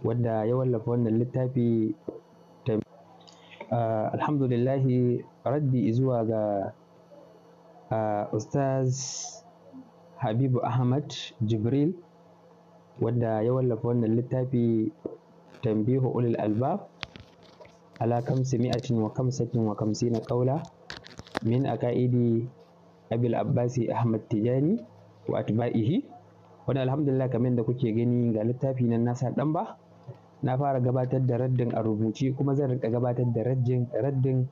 Wanda ya wallafa wannan littafi ta uh, alhamdulillahi raddi zuwa ga uh, ustaz habibu ahmad jibril wanda ya wallafa wannan littafi tambihu ulil albab ala kamsi mi'atin wa kamsatin wa na kaula min a ka'idi abil abbasi ahmad tijani wa atba'ihi wani alhamdulillah kamar da kuke gani ga littafi nan nasa dan ba na fara gabatar da raddin a rubuce kuma zan rika gabatar da raddin raddin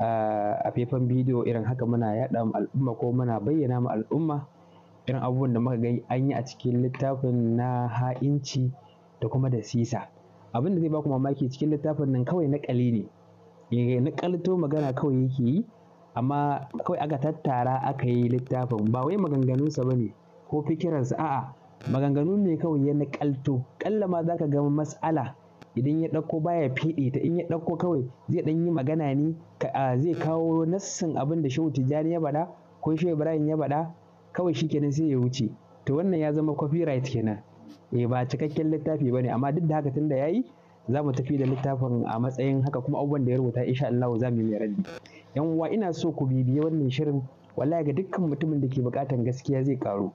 a faifan bidiyo irin haka muna yaɗa ma al'umma ko muna bayyana ma al'umma irin abubuwan da muka gani an yi a cikin littafin na ha'inci da kuma da sisa abin da zai baku mamaki cikin littafin nan kawai na naƙali ne eh, naƙalto magana kawai yake yi amma kawai aka tattara aka yi littafin ba wai maganganunsa ba ne ko fikiransa a'a maganganu ne kawai ya nakalto ƙalla ma zaka ga matsala. idan ya ɗauko baya fiɗe ta in ya ɗauko kawai zai ɗan yi magana ne zai kawo nassin abin da shehu tijjani ya bada ko shehu ibrahim ya bada kawai shikenan sai ya wuce to wannan ya zama copyright kenan eh ba cikakken littafi bane amma duk da haka tun tunda yayi za mu tafi da littafin a matsayin haka kuma abubuwan da ya rubuta insha Allah za mu yi raddi yan uwa ina so ku bibiye wannan shirin wallahi ga dukkan mutumin da ke bukatan gaskiya zai karu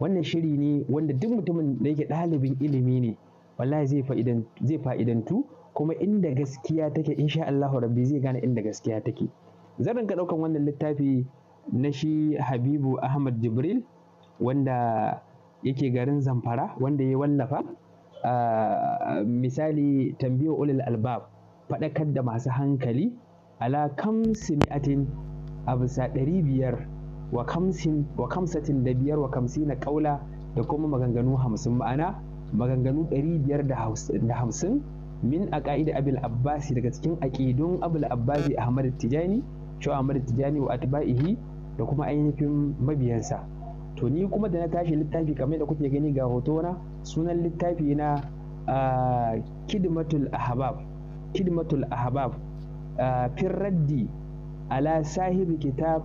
wannan shiri ne wanda duk mutumin da yake ɗalibin ilimi ne wallahi zai fa'idantu kuma inda gaskiya take insha Allahu rabbi zai gane inda gaskiya take zan rinka ɗaukan wannan littafi na shi Habibu Ahmad Jibril wanda yake garin Zamfara wanda ya wallafa ah, misali tambiyo ulil albab faɗakar da masu hankali ala kam simi'atin abu sa ɗari biyar wa da biyar wa kamsina kaula da kuma maganganu hamsin ma'ana maganganu ɗari biyar da hamsin min a ƙa'ida abul abbasi daga cikin aƙidun abul abbasi ahmad tijani cewa ahmad tijani wa atba'ihi da kuma ainihin mabiyansa to ni kuma da na tashi littafi kamar da kuke gani ga hoto na sunan littafi na kidmatul ahbab kidmatul ahbab a ala sahibi kitab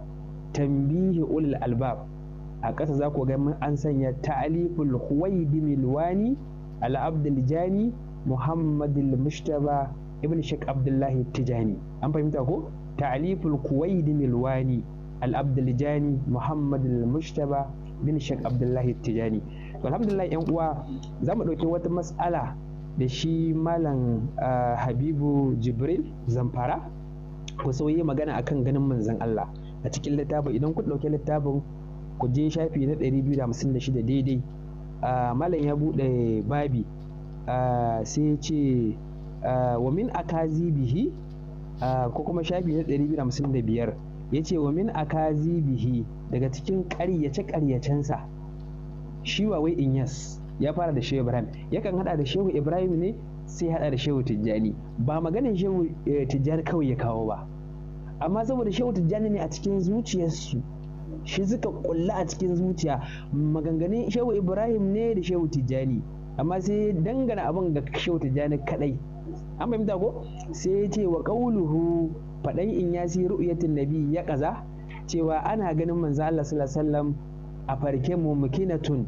tambihi ulul albab a ƙasa za ku ga an sanya taliful huwaidi milwani al'abdul jani muhammadul ibn shek abdullahi tijani an fahimta ko ta'liful kuwaidi milwani al'abdul jani muhammadul mushtaba ibn shek abdullahi tijani alhamdulillah yan uwa za mu ɗauki wata masala da shi malam habibu jibril zamfara ku sauye magana akan ganin manzon allah a cikin littafin idan kun ɗauki littafin ku je shafi na 256 daidai malam ya buɗe babi sai ce wa min bihi ko kuma shafi na 255 ya ce wa min bihi daga cikin ƙaryace-ƙaryacensa shi wa wai in yas ya fara da shehu ibrahim yakan hada da shehu ibrahim ne sai hada da shehu tijjani ba maganin shehu eh, tijjani kawai ya kawo ba amma saboda shehu jani ne a cikin zuciyarsu shi suka kulla a cikin zuciya maganganun shehu ibrahim ne da shehu tijjani amma sai dangana abin ga shehu tijjani kadai an fahimta ko sai ya ce wa qauluhu faɗan in ya si ru'yatin nabi ya kaza cewa ana ganin manzo Allah sallallahu alaihi wasallam a farke mu mukinatun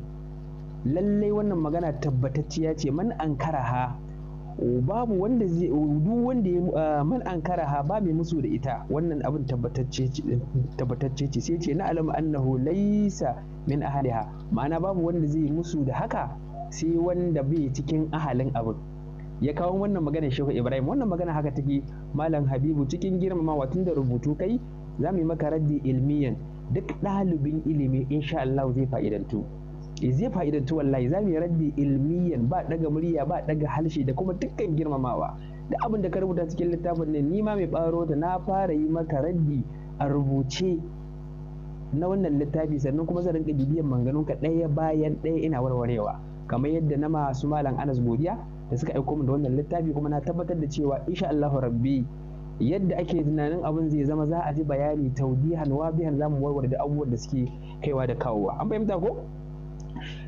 lallai wannan magana tabbatacciya ce man ankaraha babu wanda zai duk wanda ya ah, man ankara ha ba mai musu da ita wannan abin tabbatacce ce sai ce na alam annahu laisa min ahliha ma'ana babu wanda zai musu da haka sai wanda bai cikin ahalin abin ya kawo wannan magana shehu ibrahim wannan magana haka take malam habibu cikin girmamawa tun da rubutu kai za mu yi maka raddi ilmiyan duk ɗalibin ilimi insha Allah zai fa'idantu zai fa'idantu wallahi za mu yi raddi ilmiyan ba daga murya ba daga halshe da kuma dukkan girmamawa da abin da ka rubuta cikin littafin ne ma mai baro ta na fara yi maka raddi a rubuce na wannan littafi sannan kuma zan rinka bibiyan ka ɗaya bayan ɗaya ina warwarewa kamar yadda na masu malam Anas godiya da suka aiko min da wannan littafi kuma na tabbatar da cewa insha Allah rabbi yadda ake tunanin abin zai zama za a ji bayani taudihan wabihan zamu warware da abubuwan da suke kaiwa da kawowa an fahimta ko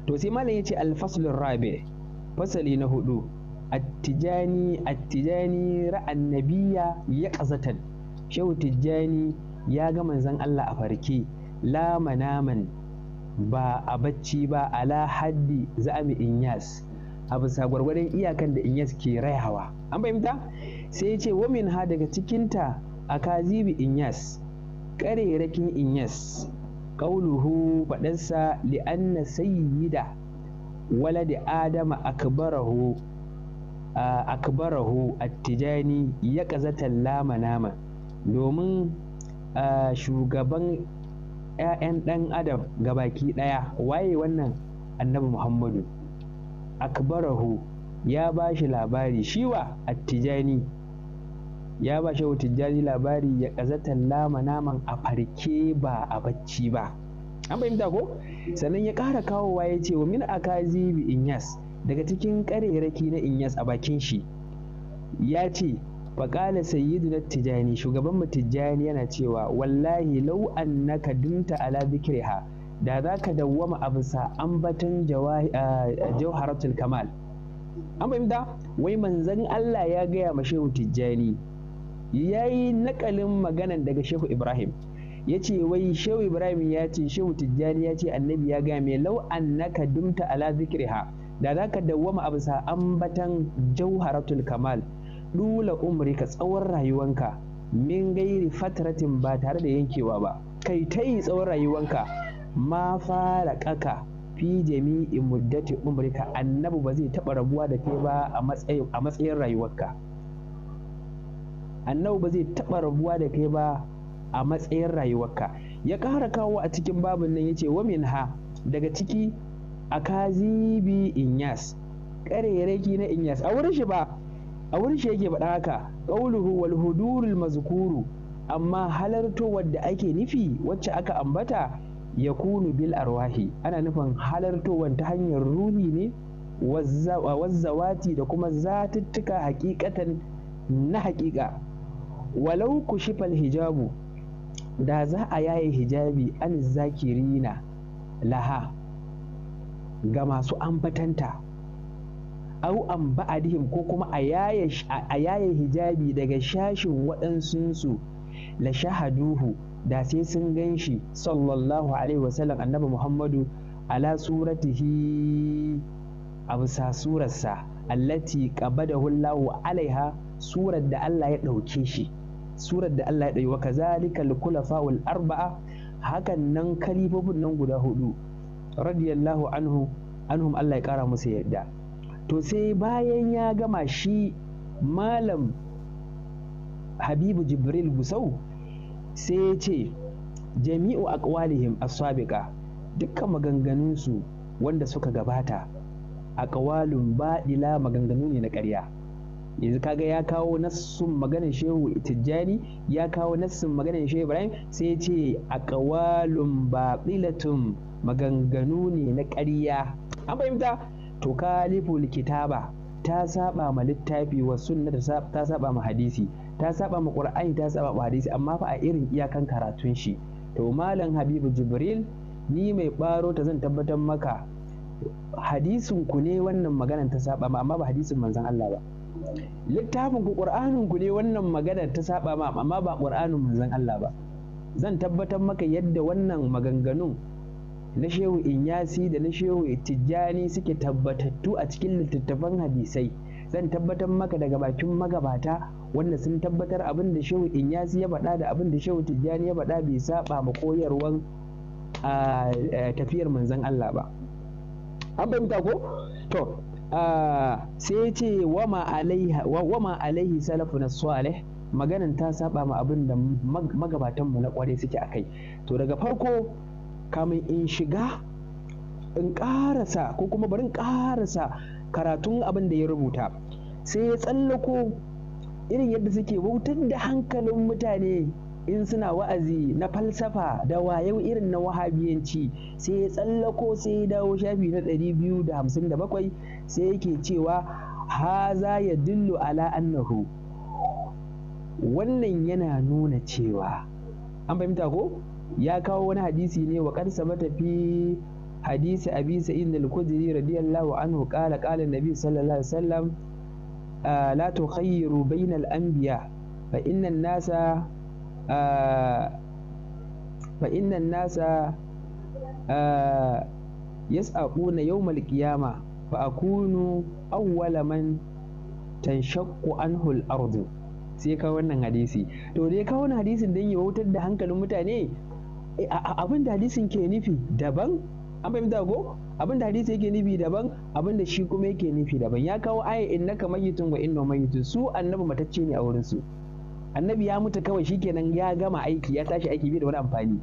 to sai malam ya ce alfaslun rabi fasali na hudu attijani attijani ra'an nabiya ya ƙazatan shehu tijjani ya ga manzon Allah a farke la manaman ba a bacci ba ala haddi za'ami inyas a bisa gwargwadon iyakan da inyas ke rayawa an fahimta sai ce wamin ha daga cikinta a kazibi inyas ƙarerakin inyas Ƙauluhu faɗansa li'anna sayyida waladi adama akbarahu akbarahu attijani ya kazatan lama nama domin shugaban 'ya'yan ɗan adam gabaki ɗaya waye wannan annabi muhammadu akbarahu ya ba shi labari shiwa attijani ya ba shi tijjani labari ya ƙazatan lama naman a farke ba a bacci ba an fahimta ko sannan ya ƙara kawowa ya ce wa min akazibi inyas daga cikin ƙarerraki na inyas a bakin shi ya ce faƙala na tijjani shugaban mu tijjani yana cewa wallahi lau annaka dumta ala zikriha da za ka dawwama a bisa ambaton jawharatul kamal an fahimta wai manzon Allah ya gaya ma tijjani ya yi nakalin maganan daga shehu ibrahim ya ce wai shehu ibrahim ya ce shehu tijjani ya ce annabi ya gaya mai lau annaka dumta ala zikriha da za ka dawwama abu bisa ambatan jauharatul kamal dula ka tsawon rayuwanka min gairi fatratin ba tare da yankewa ba kai ta yi tsawon rayuwanka ma fara kaka fi jami'in muddati umrika annabi ba zai taɓa rabuwa da ke ba a matsayin rayuwarka annabi ba zai taɓa rabuwa da kai ba a matsayin rayuwarka ya ƙara kawo a cikin babin nan ya ce wa ha daga ciki akazibi inyas ƙarereki na inyas a wurin shi ba a wurin shi yake faɗa haka ƙauluhu wal hudurul mazkuru amma halarto wadda ake nufi wacce aka ambata ya kunu bil arwahi ana nufin halartowar ta hanyar ruhi ne wazzawati da kuma zatuttuka hakikatan na hakika walau ku shifal hijabu da za a yaye hijabi an zakirina laha ga masu ambatanta au an ba'adihim ko kuma a yaye hijabi daga shashin waɗansunsu la shahaduhu da sai sun gan shi sallallahu alaihi wasallam annabi muhammadu ala suratihi a bisa surarsa allati qabadahu alaiha surar da Allah ya ɗauke shi surar da Allah ya ɗaya wa kazalika al wal arba'a hakan nan kalifofin nan guda hudu radiyallahu anhu anhum Allah ya kara musu yadda to sai bayan ya gama shi malam habibu jibril gusau sai ya ce jami'u aqwalihim as-sabiqa dukkan maganganunsu wanda suka gabata aqwalun baɗila maganganu ne na ƙarya yanzu kaga ya kawo nassun maganar shehu tijjani ya kawo nassun maganar shehu ibrahim sai ya ce a kawalun baɓilatun maganganu ne na ƙarya an fahimta to kaliful kitaba ta saba ma littafi wa sunna ta saba ma hadisi ta saba ma qur'ani ta saba ma hadisi amma fa a irin iyakan karatun shi to malam habibu jibril ni mai baro ta zan tabbatar maka hadisinku ne wannan maganan ta saba ma amma ba hadisin manzon Allah ba littafin ku ƙur'anin ku ne wannan magana ta saba ma amma ba ƙur'anin manzon Allah ba zan tabbatar maka yadda wannan maganganun na shehu inyasi da na shehu tijjani suke tabbatattu a cikin littattafan hadisai zan tabbatar maka daga bakin magabata wanda sun tabbatar abin da shehu inyasi ya faɗa da abin da shehu tijjani ya faɗa bai saba ma koyarwan ah, eh, tafiyar manzon Allah ba an fahimta ko to Ah, sai ce ce ma alaihi salafu na salih maganin ta saba ma abin da magabatanmu na kwarai suke a kai to daga farko kamun in shiga in karasa ko kuma bari in karasa karatun abin da ya rubuta sai ya tsallako irin yadda suke wautar da hankalin mutane in suna wa'azi na falsafa da wayau irin na wahabiyanci sai ya tsallako sai ya dawo shafi na 257 sai yake cewa haza ya dillu ala annahu wannan yana nuna cewa an fahimta ko ya kawo wani hadisi ne wa ƙarsa matafi hadisi abi sa'id al-khudri radiyallahu anhu qala qala nabi sallallahu alaihi wasallam la tukhayyiru bainal anbiya fa inna an-nasa fa innan nasa na yau qiyama fa kunu awwala man tanshaqqu shakku al-ardu sai ka wannan hadisi to dai ka wannan hadisin don ya wautar da hankalin mutane eh, abin da hadisin ke nufi daban an fahimta ko abin da hadisi yake nufi daban abin da shi kuma yake nufi daban ya kawo aya innaka mayyitun wa inna mayyitun su annabi matacce ne a wurin su annabi ya mutu kawai shikenan ya gama aiki ya tashi aiki bai da wani amfani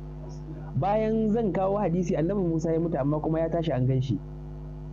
bayan zan kawo hadisi annabi Musa ya mutu amma kuma ya tashi an ganshi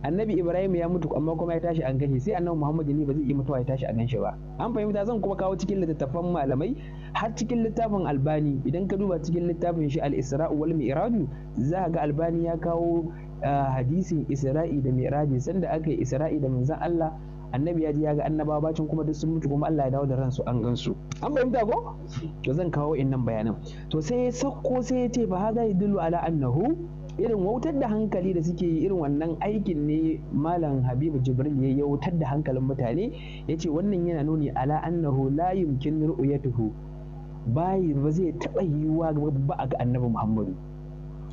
annabi Ibrahim ya mutu amma kuma ya tashi an ganshi sai annabi Muhammad ne ba zai iya mutuwa ya tashi an ganshi ba an fahimta zan kuma kawo cikin littattafan malamai har cikin littafin Albani idan ka duba cikin littafin shi al-Isra wal Mi'raj za ga Albani ya kawo ah, hadisin Isra'i da Mi'raji sanda aka yi Isra'i da manzon Allah annabi ya ji ya ga annabawa bacin kuma duk sun mutu kuma Allah ya dawo da ransu an gansu an fahimta ko to zan kawo innan bayanan to sai ya sauko sai ya ce fa hada yadullu ala annahu irin wautar da hankali da suke yi irin wannan aikin ne malam habibu jibril ya wautar da hankalin mutane ya ce wannan yana nuni ala annahu la yumkin ru'yatuhu bai ba zai taɓa yiwuwa ba ga annabi muhammadu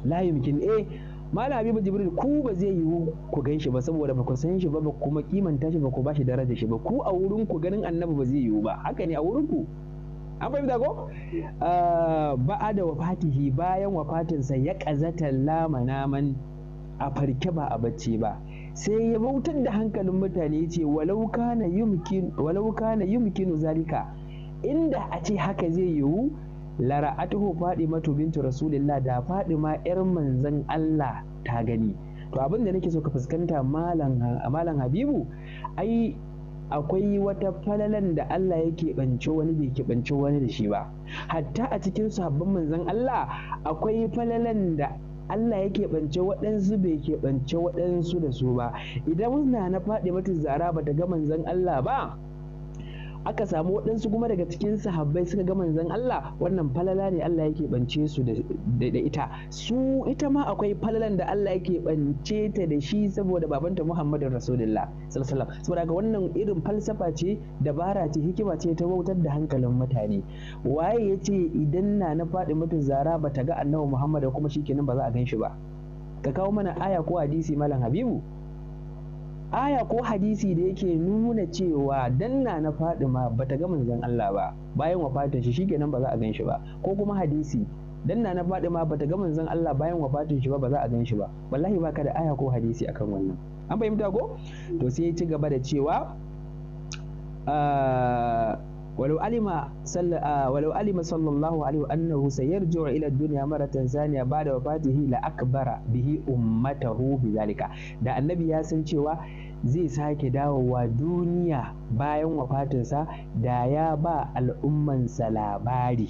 la yumkin eh malam habibu jibril ku ba zai yiwu ku gan shi ba saboda ba ku san shi ba ba kuma kimanta shi ba ku ba shi daraja shi ba ku a wurin ku ganin annabi ba zai yiwu ba haka ne a wurin ku an fahimta ko ah, ba'a da wafatihi bayan wafatinsa ya kazata lama naman a farke ba a bacci ba sai ya bautar da hankalin mutane ya ce walau kana yumkinu zalika inda a ce haka zai yiwu Lara faɗi fadimatu bintu rasulillah da faɗi ma yar manzon Allah ta gani to abin da nake so ka fuskanta malam habibu ai akwai wata falalan da Allah ya keɓance wani bai keɓance wani da shi ba hatta a cikin sabbin manzon Allah akwai falalan da Allah ya keɓance waɗansu bai keɓance waɗansu da su ba idan na na faɗi mata zara bata ga manzon Allah ba aka samu waɗansu kuma daga cikin sahabbai suka ga manzon Allah wannan falala ne Allah yake bance su da ita su ita ma akwai falalan da Allah yake bance ta da shi saboda babanta Muhammadin Rasulullah sallallahu alaihi wasallam saboda wannan irin falsafa ce dabara ce hikima ce ta wautar da hankalin mutane waye yace idan na na faɗi mutu zara bata ga annabi Muhammad kuma shikenan ba za a gan shi ba ka kawo mana aya ko hadisi malam Habibu aya ko hadisi da yake nuna cewa danna na Fadima bata ga manzon Allah ba bayan wafatin shi shikenan ba za a gan shi ba ko kuma hadisi danna na Fadima bata ga manzon Allah bayan wafatin shi ba ba za a gan shi ba wallahi baka da aya ko hadisi akan wannan an fahimta ko to sai ya ci gaba da cewa ah, ولو علم صلى آه ولو علم صلى الله عليه انه سيرجع الى الدنيا مره ثانيه بعد وفاته لاكبر به امته بذلك da annabi ya san cewa zai sake dawowa duniya bayan wafatinsa da ya ba al'ummansa labari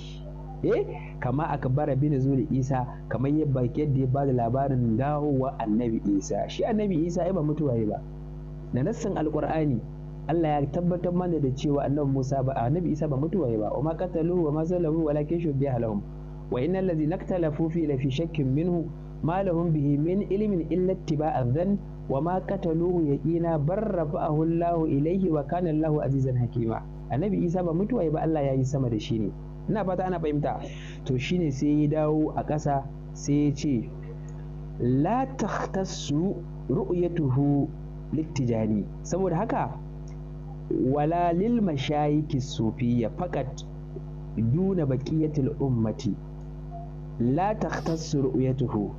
eh kama akbara bin zuri isa kamar yadda ya ba da labarin dawowa annabi isa shi annabi isa ya ba mutuwa ba da nassin alqur'ani Allah ya tabbatar mana da cewa annabi Musa ba annabi Isa ba mutuwa ba wa ma qatalu wa ma zalamu walakin shubbiha lahum wa innal ladzina ikhtalafu fi la fi shakkin minhu ma lahum bihi min ilmin illa ittiba'a dhann wa ma qatalu yaqina barrafa'ahu Allahu ilayhi wa kana Allahu azizan hakima annabi Isa ba mutuwa ba Allah ya yi sama da shi ne ina fata ana fahimta to shine sai ya dawo a ƙasa sai ya ce la takhtassu ru'yatuhu littijani saboda haka wala lil mashayikh sufiyya faqat duna baqiyatil ummati la takhtassu ru'yatuhu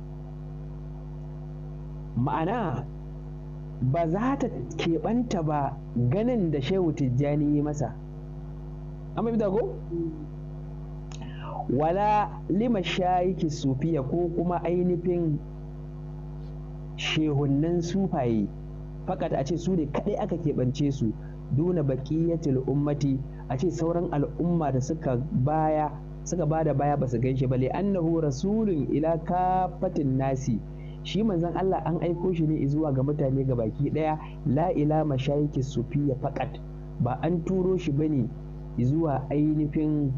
ma'ana ba za ta keɓanta ba ganin da shehu tijjani yi masa an fahimta ko wala lima shayiki sufiya ko kuma ainihin shehunnan sufaye fakat a ce su ne kaɗai aka keɓance su duna bakiyatul ummati a ce sauran al'umma da suka baya suka bada baya basu gan shi ba li annahu rasulun ila kafatin nasi shi manzon Allah an aiko shi ne zuwa ga mutane ga baki daya la ila mashayiki sufiya faqat ba an turo shi bane zuwa ainihin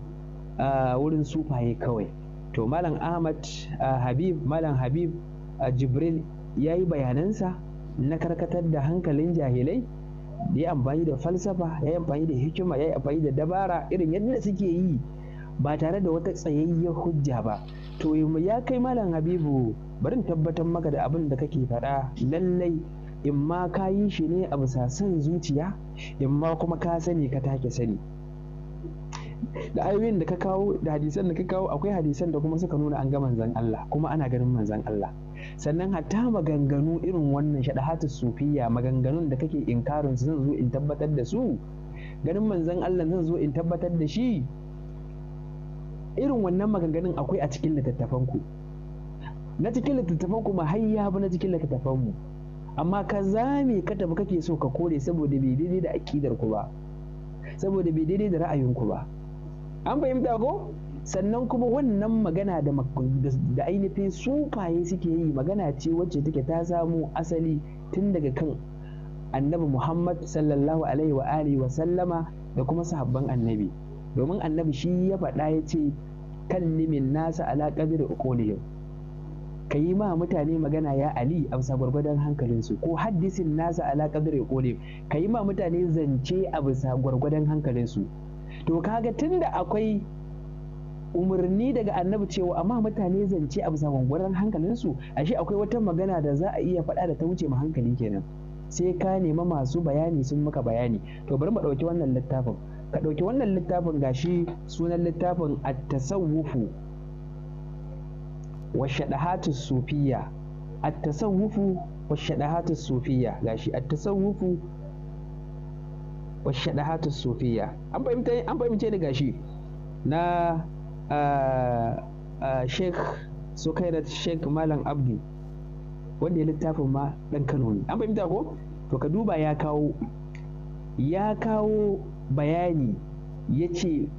wurin sufaye kawai to malam ahmad habib malam habib jibril yayi yi bayanansa na karkatar da hankalin jahilai ya yi amfani da falsafa ya yi amfani da hikima ya yi amfani da dabara irin yadda suke yi ba tare da wata tsayayyar hujja ba to ya kai malam habibu barin tabbatar maka da abin da kake faɗa lallai in ma ka yi shi ne a bisa son zuciya in ma kuma ka sani ka take sani da ayoyin da ka kawo da hadisan da ka kawo akwai hadisan da kuma suka nuna an ga manzan Allah kuma ana ganin manzan Allah sannan hatta maganganu irin wannan shadahatu sufiya maganganun da kake inkarin su zan zo in tabbatar da su ganin manzan Allah zan zo in tabbatar da shi irin wannan maganganun akwai a cikin littattafan na cikin littattafan ku ma hayya na cikin littattafan mu amma ka zame ka tafi kake so ka kore saboda bai daidai da akidar ku ba saboda bai daidai da ra'ayinku ba an fahimta ko sannan kuma wannan magana da ainihin sufaye suke yi magana ce wacce take ta samu asali tun daga kan annabi muhammad sallallahu alaihi wa alihi sallama da kuma sahabban annabi domin annabi shi ya faɗa ya ce kan nimin nasa ala ƙabir ka yi ma mutane magana ya ali a bisa gwargwadon hankalinsu ko haddisin nasa ala ƙabir ka yi ma mutane zance a bisa gwargwadon hankalinsu to kaga tunda akwai umarni daga annabi cewa amma mutane zance a bisa gwangwaran hankalinsu ashe akwai wata magana da za a iya faɗa da ta wuce ma hankali kenan sai ka nema masu bayani sun maka bayani to bari mu ɗauki wannan littafin ka ɗauki wannan littafin gashi sunan littafin at-tasawwufu wa shadahatu sufiyya at-tasawwufu wa shadahatu sufiyya gashi at-tasawwufu wa shadahatu sufiyya an fahimta an fahimce ni gashi na sheikh sukairat sheikh malam abdu wanda ya littafin ma Dan kano ne an fahimta ko to ka duba ya kawo ya kawo bayani ya ce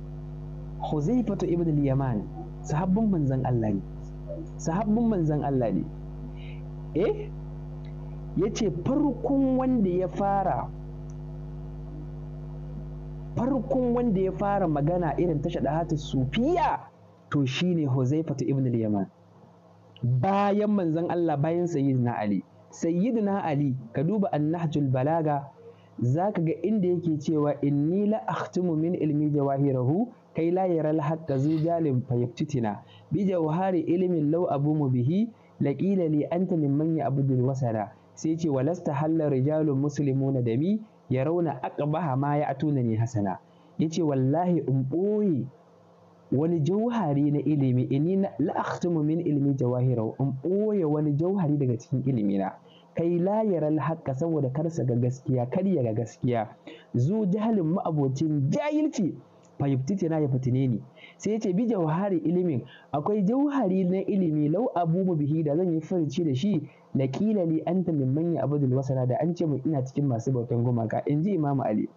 huzaifatu ibn al-yaman sahabbin manzan Allah ne sahabbin manzan Allah ne eh ya ce farkon wanda ya fara farkon wanda ya fara magana irin ta shaɗahatu sufiya to shine huzaifatu ibn yaman bayan manzon Allah bayan sayyidina ali sayyidina ali ka duba annahjul balaga zaka ga inda yake cewa inni la akhtumu min ilmi jawahirahu kai la yara al-haqqa zu fayaftitina bi jawhari ilmin law abumu bihi laqila li anta mimman ya abudul wasara sai ce walasta halla rijalun muslimuna dami ya rauna aqbaha ma ya tuna ni hasana ce, wallahi in ɓoye wani jauhari na ilimi inni la akhtumu min ilmi jawahira in ɓoye wani jauhari daga cikin ilimi na kai la yaral saboda karsa ga gaskiya karya ga gaskiya zu jahalin ma'abocin jahilci fa na ya fitine ni sai yace bi jauhari ilimin akwai jauhari na ilimi lau abu bihi da zan yi farci da shi la li anta mimman ya'budul wasana da an ce mu ina cikin masu bautan gumaka ji imamu ali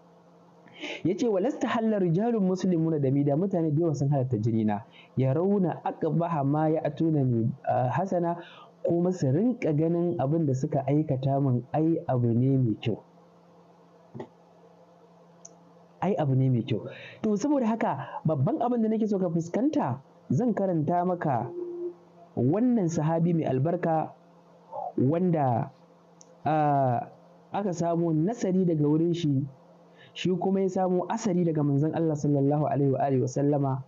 yace walasta hallar rijalun muslimun da mi da mutane da yawa sun halatta jini na ya rauna aqbaha ma ya atuna ni hasana kuma su rinka ganin abin da suka aikata min ai abu ne mai kyau ai abu ne mai kyau to saboda haka babban abin da nake so ka fuskanta zan karanta maka wannan sahabi mai albarka wanda aka samu nasari daga wurin shi shi kuma ya samu asari daga manzon Allah sallallahu alaihi wa sallama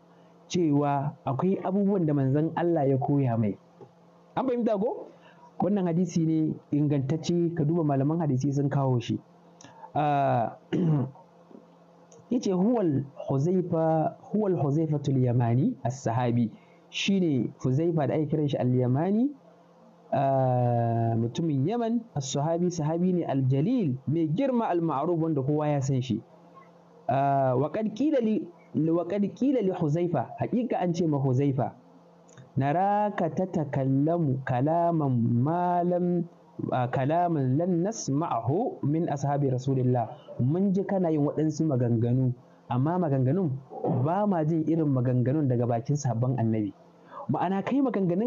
cewa akwai abubuwan da manzon Allah ya koya mai an fahimta ko wannan hadisi ne ingantacce ka duba malaman hadisi sun kawo shi yace huwal huzaifa huwal yamani as-sahabi shine huzaifa da ake kiran shi al-yamani Ah, mutumin Yaman sahabi sahabi ne aljalil mai girma al-ma'ruf wanda kowa ya san shi ah, waƙad ƙila li huzaifa haƙiƙa an ce ma huzaifa naraka ta takallamu kalaman malam ah, kalaman lan nasma'ahu min ashabi rasulillah mun ji kana yin waɗansu maganganu amma maganganun ba ma jin irin maganganun daga bakin sabon annabi ma'ana kai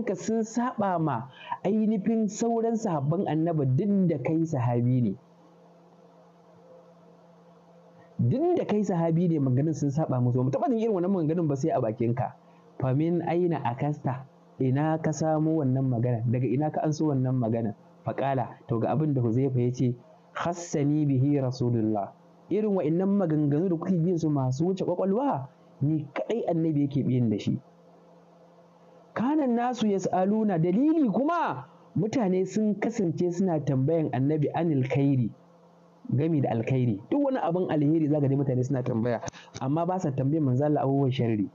ka sun saba ma ainihin sauran sahabban annaba duk da kai sahabi ne duk da kai sahabi ne maganganun sun saba musu ba taɓa irin wannan maganganun ba sai a bakin ka famin aina akasta ina ka samo wannan magana daga ina ka anso wannan magana faqala to ga abin da huzaifa ya ce hassani bihi rasulullah irin wa'innan maganganu da kuke yin su masu wuce kwakwalwa ni kadai annabi yake biyin da shi kanan nasu yas'aluna dalili kuma mutane sun kasance suna tambayan annabi anil khairi gami da alkhairi duk wani abin alheri zaka ji mutane suna tambaya amma ba sa tambayan manzo Allah abubuwan sharri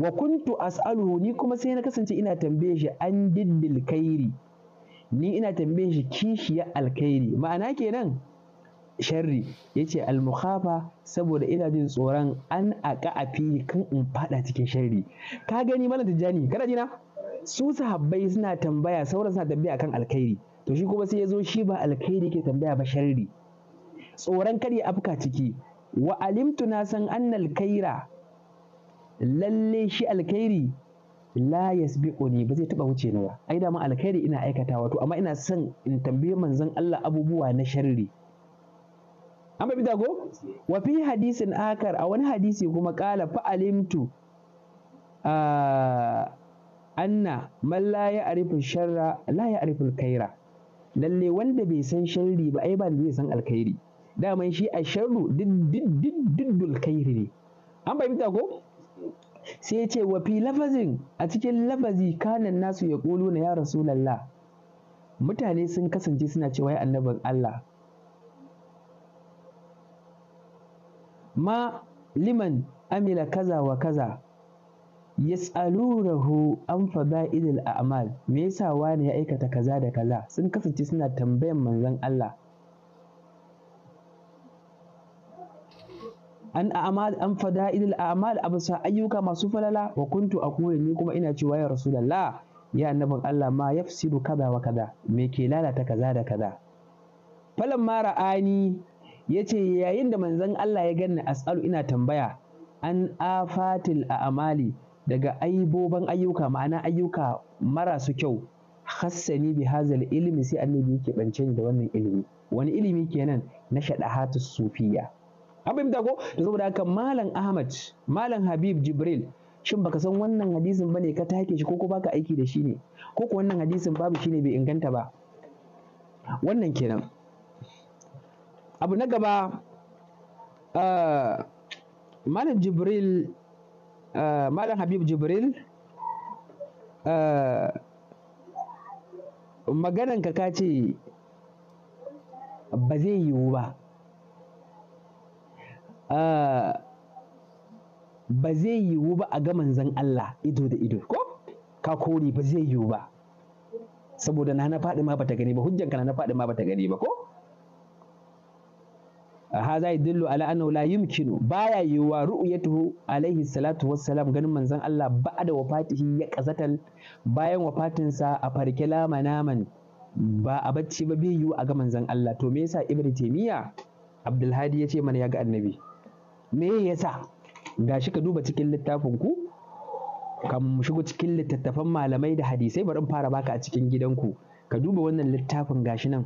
wa kuntu as'aluhu ni kuma sai na kasance ina tambaye shi an diddil khairi ni ina tambaye shi kishiya alkhairi ma'ana kenan sharri yace ce mukhafa saboda ina jin tsoron an aka a fi kan in fada cikin sharri ka gani malam tijjani kada jina su sahabbai suna tambaya sauran suna tambaya akan alkhairi to shi kuma sai ya zo shi ba alkhairi ke tambaya ba sharri tsoron kar ya afka ciki wa alimtu na san annal kaira lalle shi alkhairi la yasbiquni ba zai taba wuce ni ba ai da alkhairi ina aikata to amma ina son in tambaye manzon Allah abubuwa na sharri an fahimta dago? wa fi hadisin akar a wani hadisi kuma kala fa alimtu anna man la ya'rifu sharra la ya'rifu alkhaira lalle wanda bai san sharri ba ai ba zai san alkhairi daman shi a sharru diddul khairi ne an fahimta dago? sai ce wa fi lafazin a cikin lafazi kanan nasu ya na ya rasulallah mutane sun kasance suna cewa ya annabin Allah ma liman amila kaza wa kaza ya yas'alunahu an a a'mal me yasa wani ya aikata kaza da kaza sun kasance suna tambayan manzon Allah an a'mal an a a'mal abasa ayyuka masu falala wa kuntu aqulu ni kuma ina cewa ya la. ya annabin Allah ma yafsidu kaza wa kaza me ke lalata kaza da kaza falan mara ani ya ce yayin da manzon Allah ya ganni as'alu ina tambaya an afatil a amali daga aiboban ayyuka ma'ana ayyuka marasu kyau hassani bi hazal ilimi sai annabi yake bance ni da wannan ilimi wani ilimi kenan na shadahatu sufiya an fahimta ko da saboda haka malam ahmad malam habib jibril shin baka san wannan hadisin bane ka take shi ko ko baka aiki da shi ne ko ko wannan hadisin babu shi ne bai inganta ba wannan kenan abu na gaba eh, malam jibril eh, malam habib jibril eh, magananka ka ce ba zai yiwu ba ba zai yiwu ba a ga manzan Allah ido da ido ko ka kore ba zai yiwu ba saboda na na faɗi ma bata gani ba hujjanka na na faɗi ma bata gani ba ko haza yadullu ala annahu la yumkinu baya yiwa ru'yatuhu Alayhi salatu wassalam ganin manzon Allah ba da wafatihi ya qazatal bayan wafatinsa a farke lama naman ba a bacci ba bai yiwu a ga manzon Allah to me yasa ibnu taymiya abdulhadi ya ce mana ya ga annabi me yasa gashi ka duba cikin littafin ku kan mu shigo cikin littattafan malamai da hadisai bari in fara baka a cikin gidanku ka duba wannan littafin gashi nan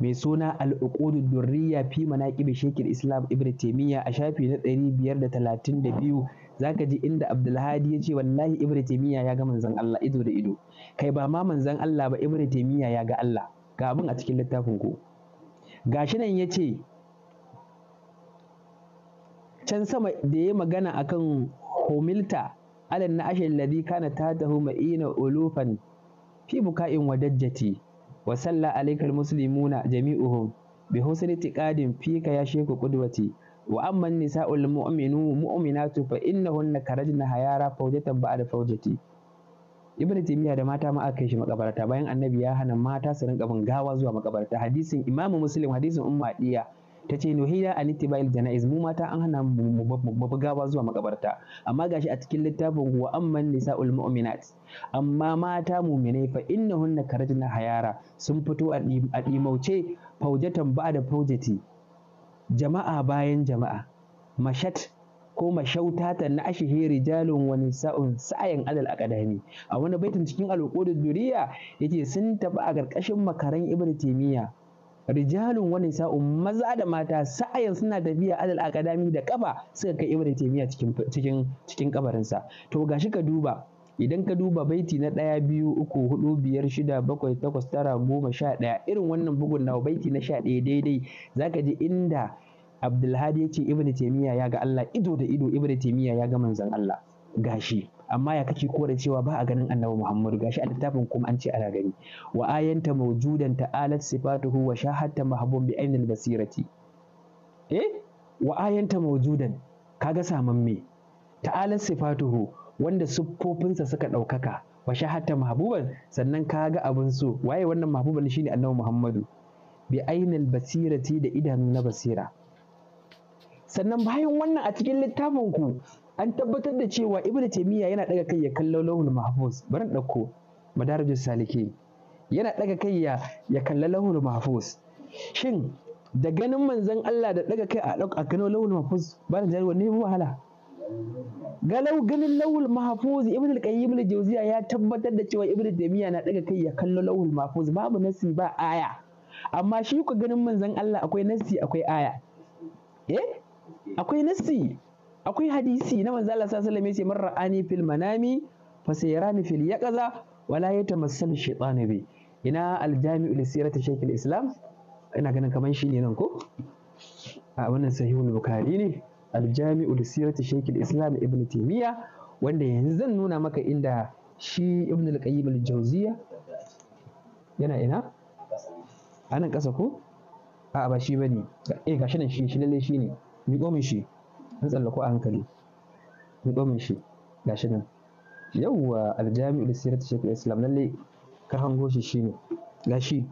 mai suna al'uqudud durriya fi manaqib shekil islam ibnu taymiya a shafi na 532 zaka ji inda abdulhadi ya ce wallahi ibnu taymiya ya ga manzon Allah ido da ido kai ba ma manzon Allah ba ibnu taymiya ya ga Allah ga abin a cikin littafin ku gashi nan ya can sama da ya magana akan homilta alan na ashe ladhi kana tatahu ma'ina ulufan fi buka'in wadajjati wa salla alaikal muslimuna jami'uhum bi husni tiqadin fika ya sheku qudwati wa amma nisa'ul mu'minu mu'minatu fa innahunna karajna hayara fawjatan ba'da fawjati ibnu taymiya da mata ma aka shi makabarta bayan annabi ya hana mata su rinka bin gawa zuwa makabarta hadisin imamu muslim hadisin umma ta ce nuhida an ittiba'il janaiz mu mata an hana mu gawa zuwa makabarta amma gashi a cikin littafin wa amman nisa'ul mu'minat amma mata mu'minai fa innahunna karajna hayara sun fito a ɗimauce faujatan ba da faujati jama'a bayan jama'a mashat ko mashautatan na ashihi rijalun wa nisa'un sa'ayan adal akadami a wani baitin cikin alƙudud duriya yace sun tafi a ƙarƙashin makaran ibnu taymiya rijalun wani sa'un maza da mata sa'ayan suna tafiya adal akadami da kafa suka kai ibnu taymiya cikin cikin kabarinsa to gashi ka duba idan ka duba baiti na ɗaya biyu uku hudu biyar shida bakwai takwas tara goma sha ɗaya irin wannan bugun nawa baiti na sha ɗaya daidai zaka ji inda abdulhadi ya ce ibnu taymiya ya ga Allah ido da ido ibnu taymiya ya ga manzan Allah gashi amma ya kake kore cewa ba a ganin annabi muhammadu gashi a littafin kuma an ce ana gani wa ayanta mawjudan ta'alat sifatuhu wa shahadta mahbun bi ainil basirati eh wa ayanta mawjudan kaga saman me ta'alat sifatuhu wanda siffofinsa suka ɗaukaka wa shahadta mahbuban sannan kaga abin so waye wannan mahbuban shine annabi muhammadu bi ainil basirati da idanu na basira sannan bayan wannan a cikin littafin ku an tabbatar da cewa ibn taymiya yana daga kai ya kallo lahul mahfuz bari in dauko madarijus yana daga kai ya ya kalla lahul mahfuz shin da ganin manzon Allah da daga kai a dauka gano lahul mahfuz ba da jarwa ne wahala galau ganin lahul mahfuz ibn al-qayyim al-jawziya ya tabbatar da cewa ibn taymiya na daga kai ya kallo lahul mahfuz babu nasi ba aya amma shi ku ganin manzon Allah akwai nasi akwai aya eh akwai nasi akwai hadisi na manzo Allah sallallahu alaihi wasallam yace man ra'ani fil manami fa sayarani fil yaqaza wala yatamassal shaytanu bi ina aljami'u li sirati al islam ina ganin kaman shi ne nan ko a wannan sahihul bukhari ne aljami'u li sirati al islam ibn taymiya wanda yanzu zan nuna maka inda shi ibn al-qayyim al-jawziya yana ina anan kasa ko a'a ba shi bane eh gashi nan shi shi lalle shi ne miƙo min shi an tsallako a hankali buɗo min shi gashi nan yawwa ya sirati shaykhul islam lalle ka hango shi shine gashi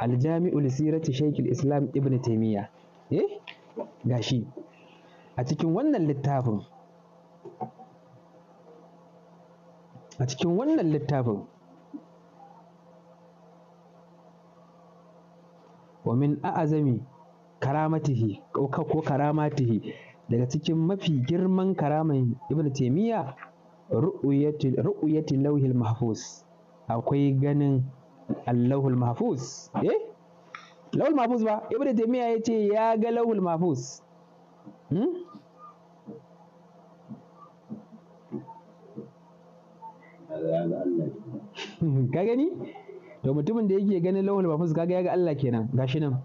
ya sirati shaykhul islam ibnu taymiya eh gashi a cikin wannan littafin a cikin wannan littafin wa min a'azami karamatihi ko karamatihi daga cikin mafi girman karamin ibn taimiyya ru'uyati lauhil mahfuz akwai ganin allahul mahfuz eh lauhul mahfuz ba ibn taimiyya ya ce ya ga lauhul mahfuz hmm? ka gani to mutumin da yake ganin lauhul mahfuz kaga ya ga Allah kenan gashi nan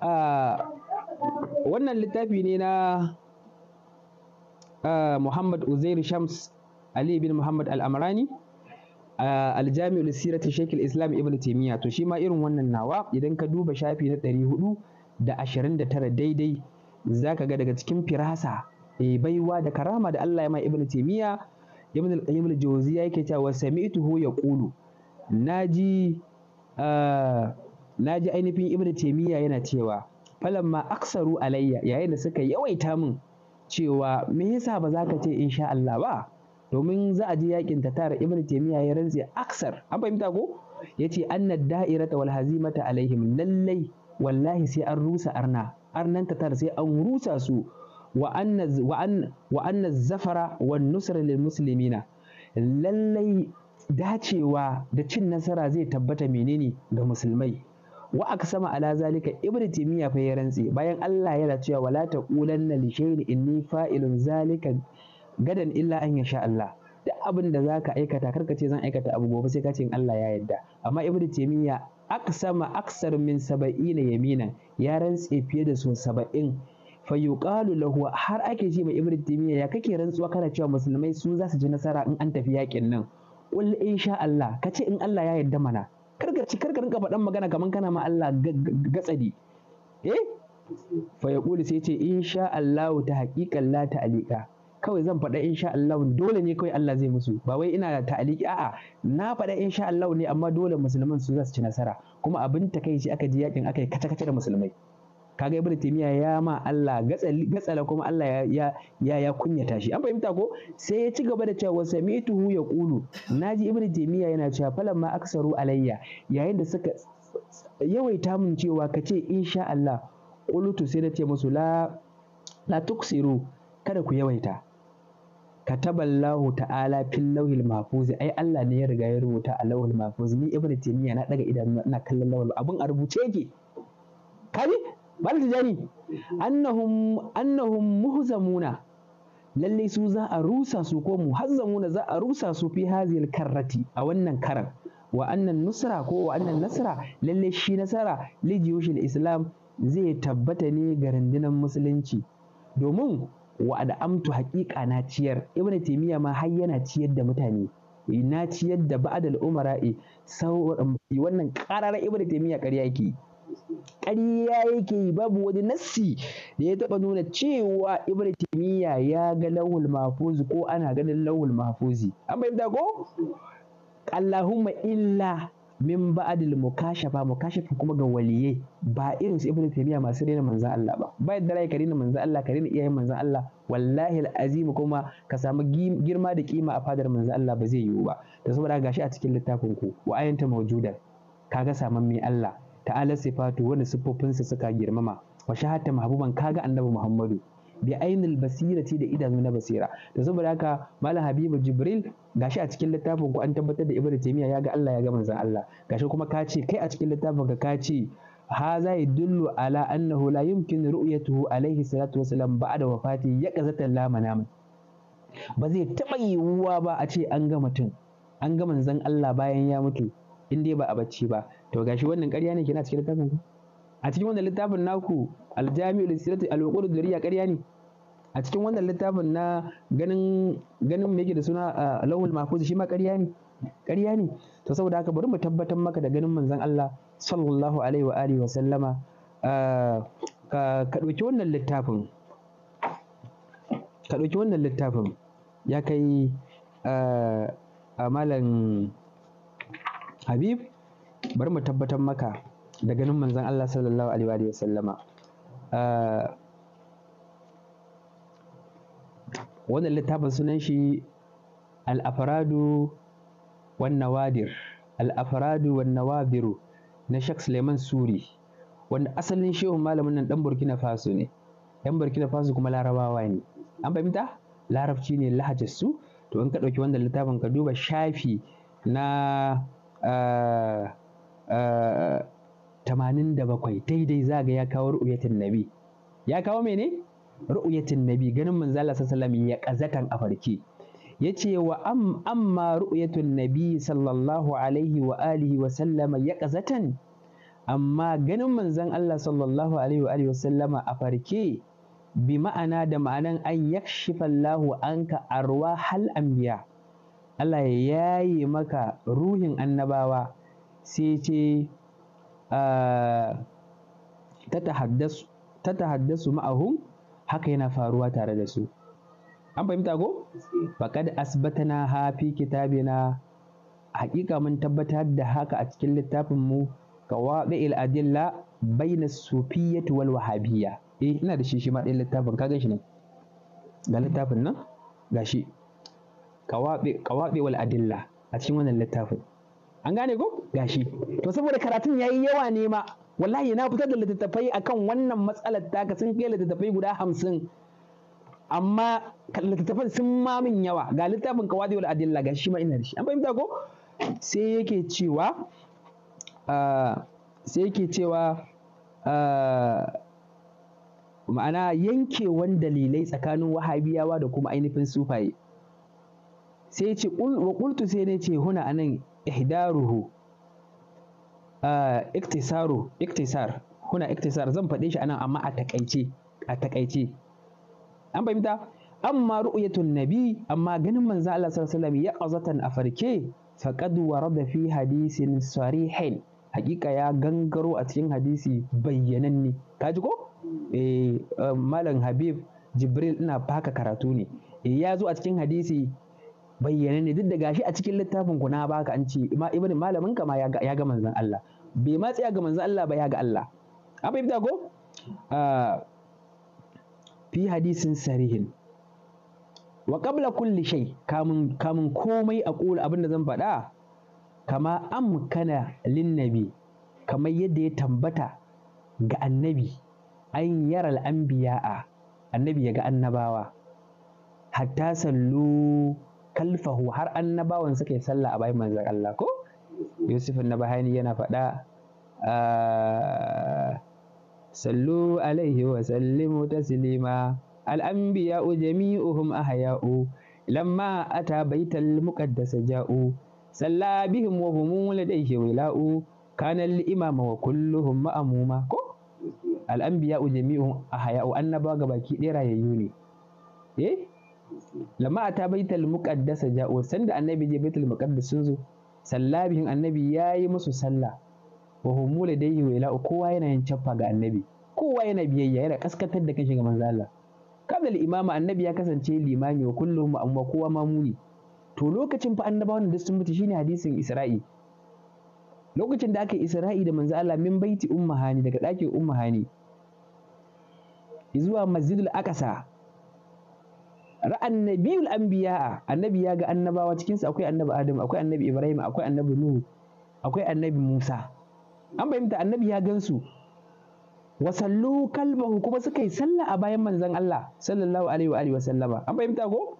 ah, wannan littafi ne na ah, Muhammad Uzair Shams Ali bin Muhammad Al-Amrani ah, Al-Jami'ul Sirati Sheikh Islam Ibn Taymiyyah to shi ma irin wannan nawa idan ka duba shafi na 429 daidai zaka ga daga cikin firasa eh, baiwa da karama da Allah ya ma Ibn Taymiyyah Ibn al-Qayyim al-Jawziyya yake cewa sami'tuhu yaqulu naji ah, naji ainihin Ibn Taymiyyah yana cewa falan ma aksaru alayya yayin da suka yawaita min cewa me yasa ba za ka ce insha Allah ba domin za a je yakin ta tara ibnu taymiya ya rantsi aksar an fahimta ko yace anna da'irata wal hazimata alaihim lallai wallahi sai an rusa arna arnan ta tara sai an rusa su wa anna wa anna wa anna zafara wan nusra lil muslimina lallai dacewa da cin nasara zai tabbata menene ga musulmai wa aka sama ala zalika ibnu timiya fa ya rantse bayan Allah ya yana cewa wala taqulanna li shay'in inni fa'ilun zalika gadan illa an yasha Allah duk abin da zaka aikata karka ce zan aikata abu gobe sai ka ce in Allah ya yarda amma ibnu aka sama aksar min saba'ina Yamina ya rantse fiye da su saba'in fa yuqalu lahu har ake ce ma ibnu timiya ya kake rantsuwa kana cewa musulmai su za su ji nasara in an tafi yakin nan qul sha Allah kace in Allah ya yarda mana karka ci ka rinka faɗan magana kaman kana ma Allah gatsadi eh fa yaqulu sai ce insha Allah ta haƙiƙan la ta'liqa kawai zan faɗa insha Allah dole ne kawai Allah zai musu ba wai ina ta ta'aliki a'a na faɗa insha Allah ne amma dole musulman su za su ci nasara kuma abin takaici aka ji yakin aka yi kace-kace da musulmai kaga ibnu taymiya ya ma Allah gatsala kuma Allah ya ya ya kunyata shi an fahimta ko sai ya ci gaba da cewa sami'tuhu yaqulu naji ibnu taymiya yana cewa falamma aksaru alayya yayin da suka yawaita mun cewa kace insha Allah qultu sai na ce musu la la tuksiru kada ku yawaita kataballahu ta'ala fil lawhil mahfuz ai Allah ne ya riga ya rubuta a lawhil mahfuz ni ibnu taymiya na daga idan na kallon lawhil abun a rubuce yake kaji bala tijani annahum annahum muhzamuna lallai su za a rusa su ko muhazzamuna za a rusa su fi hazil karrati a wannan karan wa annan nusra ko wa annan nasra lallai shi nasara jiyushil islam zai tabbata ne ga rundunar musulunci domin wa da amtu haƙiƙa na ciyar ibnu taymiya ma har yana ciyar da mutane eh, na ciyar da ba'dal umara'i sau wannan qarar ibnu taymiya ƙarya yake ƙarya yake babu wani nassi da ya taɓa nuna cewa ibn timiya ya ga lawul mahfuzi ko ana ganin lawul mahfuzi an fahimta ko allahumma illa min ba'dil mukashafa mukashafa kuma ga waliye ba irin su ibn timiya masu rena manzo Allah ba ba yadda rai ka manzo Allah ka iyayen manzo Allah wallahi alazim kuma ka samu girma da kima a fadar manzo Allah ba zai yiwu ba da saboda gashi a cikin littafin ku wa ayanta mawjuda kaga saman mai Allah ta'ala sifatu wanda siffofinsa suka girmama wa shahata mahbuban kaga annabi muhammadu bi basira basirati da idanu na basira to saboda haka malam habibu jibril gashi a cikin littafin ku an tabbatar da ibnu taymiya ya ga Allah ya ga manzon Allah gashi kuma ka ce kai a cikin littafin ka ka ce haza dullu ala annahu la yumkin ru'yatuhu alaihi salatu wasalam ba'da wafati ya kazata la manam ba zai taba yiwuwa ba a ce an ga mutum an ga manzon Allah bayan ya mutu in dai ba a bacci ba to gashi wannan ƙarya ne kina cikin littafin ku a cikin wannan littafin naku aljami'ul sirati alwaqur dariya ƙarya ne a cikin wannan littafin na ganin ganin me yake da suna ah, lawul mahfuz shi ma ƙarya ne ƙarya ne to saboda haka bari mu tabbatar maka da ganin manzon Allah sallallahu alaihi wa alihi wa sallama ah, ka ɗauki wannan littafin ka ɗauki wannan littafin ya kai ah, a malam habib bari mu tabbatar maka da ganin manzon Allah sallallahu alaihi wa sallama ah, wannan littafin sunan shi al-afradu wan nawadir al-afradu wan nawabiru na Sheikh Suleiman Suri wanda asalin shehun malamin nan dan Burkina Faso ne dan Burkina Faso kuma larabawa ne an fahimta larabci ne lahajar su to in ka ɗauki wannan littafin ka duba shafi na 87 eh, eh, da bakwai daidai za ga ya kawo ru'uyatin nabi ya kawo mene ru'uyatin nabi ganin manzala sallallahu alaihi ya kazatan a farke yace wa am amma ru'uyatun nabi sallallahu alaihi wa alihi wa sallama ya kazatan amma ganin manzon Allah sallallahu alaihi wa alihi wa sallama a farke bi ma'ana da ma'anan an yakshifa Allahu anka arwa hal anbiya Allah ya yaye maka ruhin annabawa sai ce ah, ta haddasu ma'ahum haka yana faruwa tare da su an fahimta ko faqad asbatana hafi kitabina hakika mun tabbatar da haka a cikin littafin mu qawaqil adilla baina sufiyyati wal wahabiyya eh ina da shi shi ma littafin ka gan shi nan ga littafin nan gashi kawaɓe wal adilla a cikin wannan littafin an gane ko gashi to saboda karatun yayi yawa ne ma wallahi na fitar da littattafai akan wannan matsalar ka sun kai littattafai guda hamsin amma littattafan sun ma min yawa ga littafin kawadi wal adilla gashi ma ina da shi an fahimta ko sai yake cewa ah, sai yake cewa ah, ma'ana yankewan dalilai tsakanin wahabiyawa da kuma ainihin sufaye sai ce wa kultu sai ne ce huna anan ihdaruhu ah, iktisaru iktisar huna iktisar zan faɗe shi anan amma a takaice a takaice an fahimta amma ru'yatun nabi amma ganin manzo Allah sallallahu alaihi wasallam ya azatan a farke faqad warada fi hadisin sarihin hakika ya gangaro a cikin hadisi bayyananne kaji ko eh, eh malam habib jibril ina baka karatu ne eh, ya zo a cikin hadisi bayyane ne duk da gashi a cikin littafin ku na baka an ce ibn malamin ka ma ya ga manzon Allah bai ma tsaya ga manzon Allah ba ya ga Allah an fahimta ko ah, fi hadisin sarihin wa qabla kulli shay kamun kamun komai a kula da zan faɗa kama amkana linnabi kamar yadda ya tambata ga annabi an yaral anbiya'a annabi ya ga annabawa hatta sallu kalfahu har annabawan suka sallah a bayan manzon Allah ko Yusuf annabahaini yana faɗa ah, sallu alaihi wa sallimu taslima jami'uhum ahya'u lamma ata ja'u salla bihim wa hum ladayhi wala'u kana wa kulluhum ko jami'uhum ahya'u annabawa gabaki ɗaya rayayyu ne eh lamma ta baitul ja wa sanda annabi je baitul muqaddas sun zo sallabihin annabi yayi musu sallah wa hum ladayhi wa ila kowa yana yin chaffa ga annabi kowa yana biyayya yana kaskatar da kashi ga manzo Allah kadal imama annabi ya kasance limami wa kullum amma kowa ma muni. to lokacin fa annabawan da sun mutu shine hadisin Isra'i lokacin da aka Isra'i da manzo Allah min baiti ummahani daga dakin ummahani Izuwa masjidul aqsa ra'an nabiyul anbiya annabi ya ga annabawa cikin su akwai annabi adam akwai annabi ibrahim akwai annabi nuhu akwai annabi musa an fahimta annabi ya gansu wa sallu kalbahu kuma suka yi sallah a bayan manzon Allah sallallahu alaihi wa alihi wa sallama an fahimta ko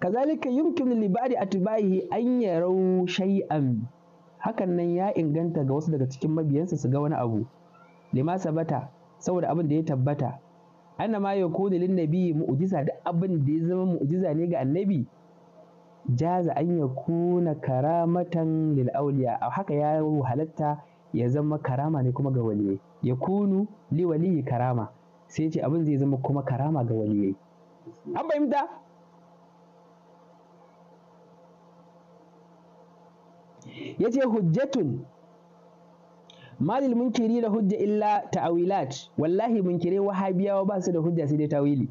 kazalika yumkinu li ba'di atba'ihi an yarau shay'an hakan nan ya inganta ga wasu daga cikin mabiyansa su ga wani abu lima sabata saboda abin da ya tabbata anna ma yakunu lin nabi mu'jiza duk abin da ya zama mu'jiza ne ga annabi jaza an ya kuna karamatan lil awliya a haka ya halatta ya zama karama ne kuma ga waliyai kunu li waliyi karama sai ce abin zai zama kuma karama ga waliyai an fahimta yace hujjatun malil munkiri da hujja illa ta'awilat wallahi munkire wahabiyawa ba su da hujja sai dai tawili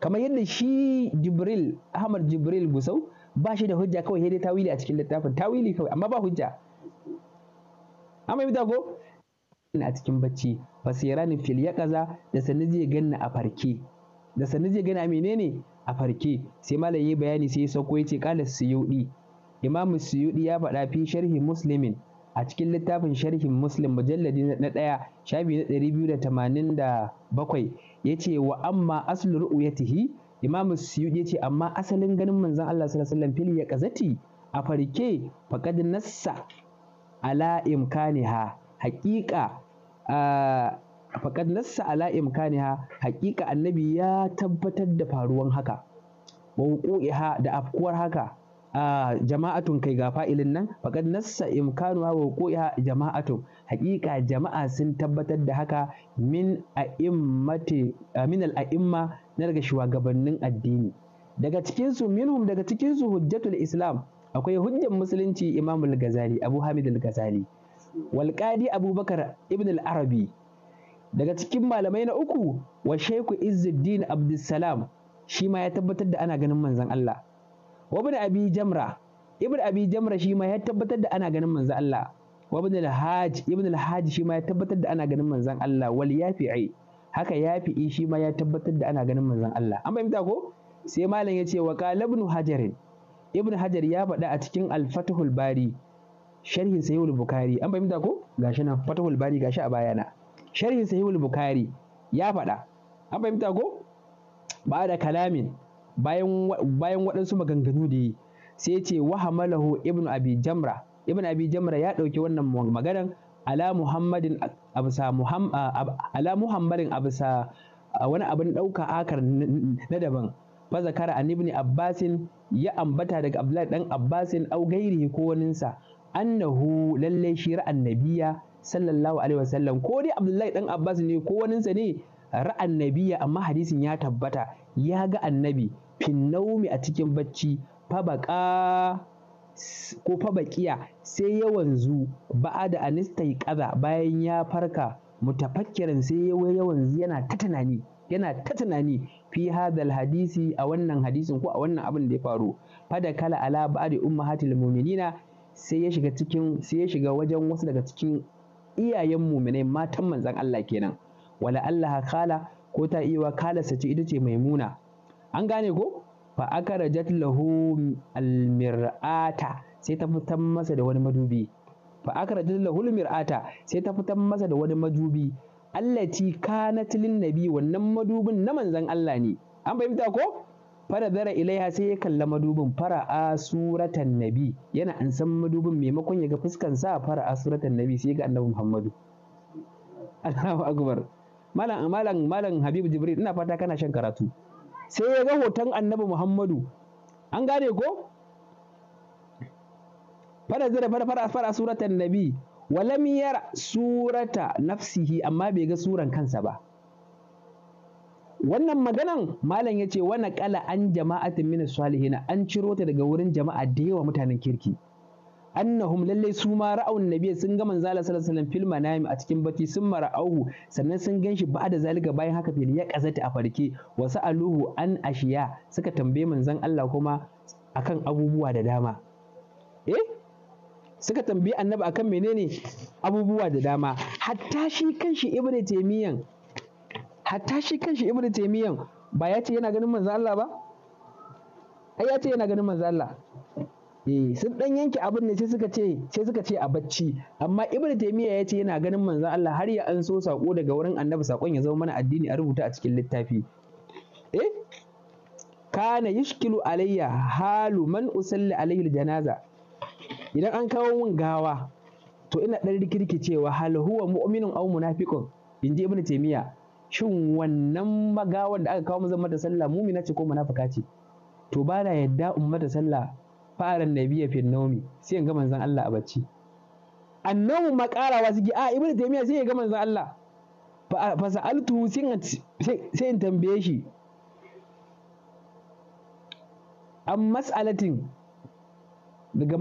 kamar yadda shi jibril ahmad jibril gusau ba shi da hujja kawai sai dai tawili a cikin littafin tawili kawai amma ba hujja amma bi ko a cikin bacci fasirani fil yaqaza da sanin zai ganna a farke da sanin zai gana menene a farke sai malam yayi bayani sai ya sauko yace qala suyudi imamu suyudi ya faɗa fi sharhi muslimin a cikin littafin sharhin muslim mujalladi na ɗaya shafi na ɗari biyu da tamanin da bakwai ya ce wa amma aslul ru'yatihi imamu siyu ya ce amma asalin ganin manzon Allah sallallahu alaihi wasallam fili ya kazati a farke Faƙad nassa ala imkaniha haƙiƙa nassa ala imkaniha haƙiƙa annabi ya tabbatar da faruwan haka wa ha, da afkuwar haka a jama'atun kai ga fa'ilin nan faqad nassa imkanu wa wuqu'iha jama'atun haƙiƙa jama'a sun tabbatar da haka min a'immati min al'a'imma na daga shugabannin addini daga cikin su minhum daga cikin su hujjatul islam akwai hujjan musulunci imam al-ghazali abu hamid al-ghazali wal qadi abubakar ibn al-arabi daga cikin malamai na uku wa shaykhu izzuddin abdussalam shi ma ya tabbatar da ana ganin manzon Allah Wabin ibn abi jamra ibn abi jamra shi ma ya tabbatar da ana ganin manzon Allah Wabin ibn ibn al shi ma ya tabbatar da ana ganin manzon Allah wal yafi'i haka yafi'i shi ma ya tabbatar da ana ganin manzon Allah an fahimta ko sai malam ya ce wa qala ibn hajar ibn hajar ya faɗa a cikin al-fathul bari sharhin sahihul bukhari an fahimta ko gashi nan fathul bari gashi a bayana sharhin sahihul bukhari ya faɗa an fahimta ko ba da kalamin bayan bayan waɗansu maganganu da yi sai ce wa hamalahu ibn abi jamra ibn abi jamra ya ɗauki wannan maganan ala muhammadin absa ala muhammadin absa wani abin ɗauka akar na daban fa zakara an ibn abbasin ya ambata daga abdullahi dan abbasin au gairi ko waninsa annahu lallai shi ra'an nabiya sallallahu alaihi wasallam ko dai abdullahi dan abbas ne ko waninsa ne ra'an nabiya amma hadisin ya tabbata ya ga annabi finnaumi a cikin bacci fabaka ko fabakiya sai ya wanzu da anistai kaza bayan ya farka mutafakkiran sai ya wanzu yana ta tunani yana ta tunani fi hadal hadisi a wannan hadisin ko a wannan abin da ya faru fada kala ala da ummahatil mu'minina sai ya shiga cikin sai ya shiga wajen wasu daga cikin iyayen mu'minai matan manzon Allah kenan wala Allah kala ko ta iya kala sace ita ce maimuna an gane ko fa akarajat lahu almir'ata sai ta fitar masa da wani madubi fa akarajat lahu almir'ata sai ta fitan masa da wani madubi allati kanat nabi wannan madubin na manzan Allah ne an fahimta ko fara dara ilaiha sai ya kalla madubin fara a suratan nabi yana an san madubin maimakon ya ga fuskan sa fara a suratan nabi sai ga annabi Muhammadu Allahu akbar malam malam malam Habibu Jibril ina fata kana shan karatu sai ya ga hoton annabi muhammadu an gane ko fara zira fara fara fara suratan nabi walam yara surata nafsihi amma bai ga suran kansa ba wannan maganan malam ya ce wani kala an jama'atin min salihina an ciro ta daga wurin jama'a da yawa mutanen kirki annahum lallai su ma ra'awun nabiyyi sun ga manzo Allah sallallahu alaihi wasallam fil manami a cikin bacci sun mara'ahu sannan sun ganshi ba da zalika bayan haka fil ya kazata a farke wa sa'aluhu an ashiya suka tambaye manzon Allah kuma akan abubuwa da dama eh suka tambayi annabi akan menene abubuwa da dama hatta shi kanshi ibnu taymiyan hatta shi kanshi ibnu taymiyan ba ya ce yana ganin manzo Allah ba ai ya ce yana ganin manzo Allah Eh, sun dan yanke abin ne sai suka ce sai suka ce a bacci amma ibnu taymiya ce yana ganin manzon Allah har ya an so sako daga wurin annabi sakon ya zama mana addini a rubuta a cikin littafi eh kana yishkilu alayya halu man usalli alayhi janaza idan an kawo mun gawa to ina dan rikirkicewa hal huwa mu'minun aw munafiqun inji ibnu taymiya shin wannan magawan da aka kawo mun zama da sallah mumina ce ko munafika ce to ba da yadda ummata sallah fara nabiya fi naumi sai in ga manzon Allah a bacci annamu ma karawa suke a ibnu taymiya sai ya ga manzon Allah fa sa'altu sai in tambaye shi an mas'alatin daga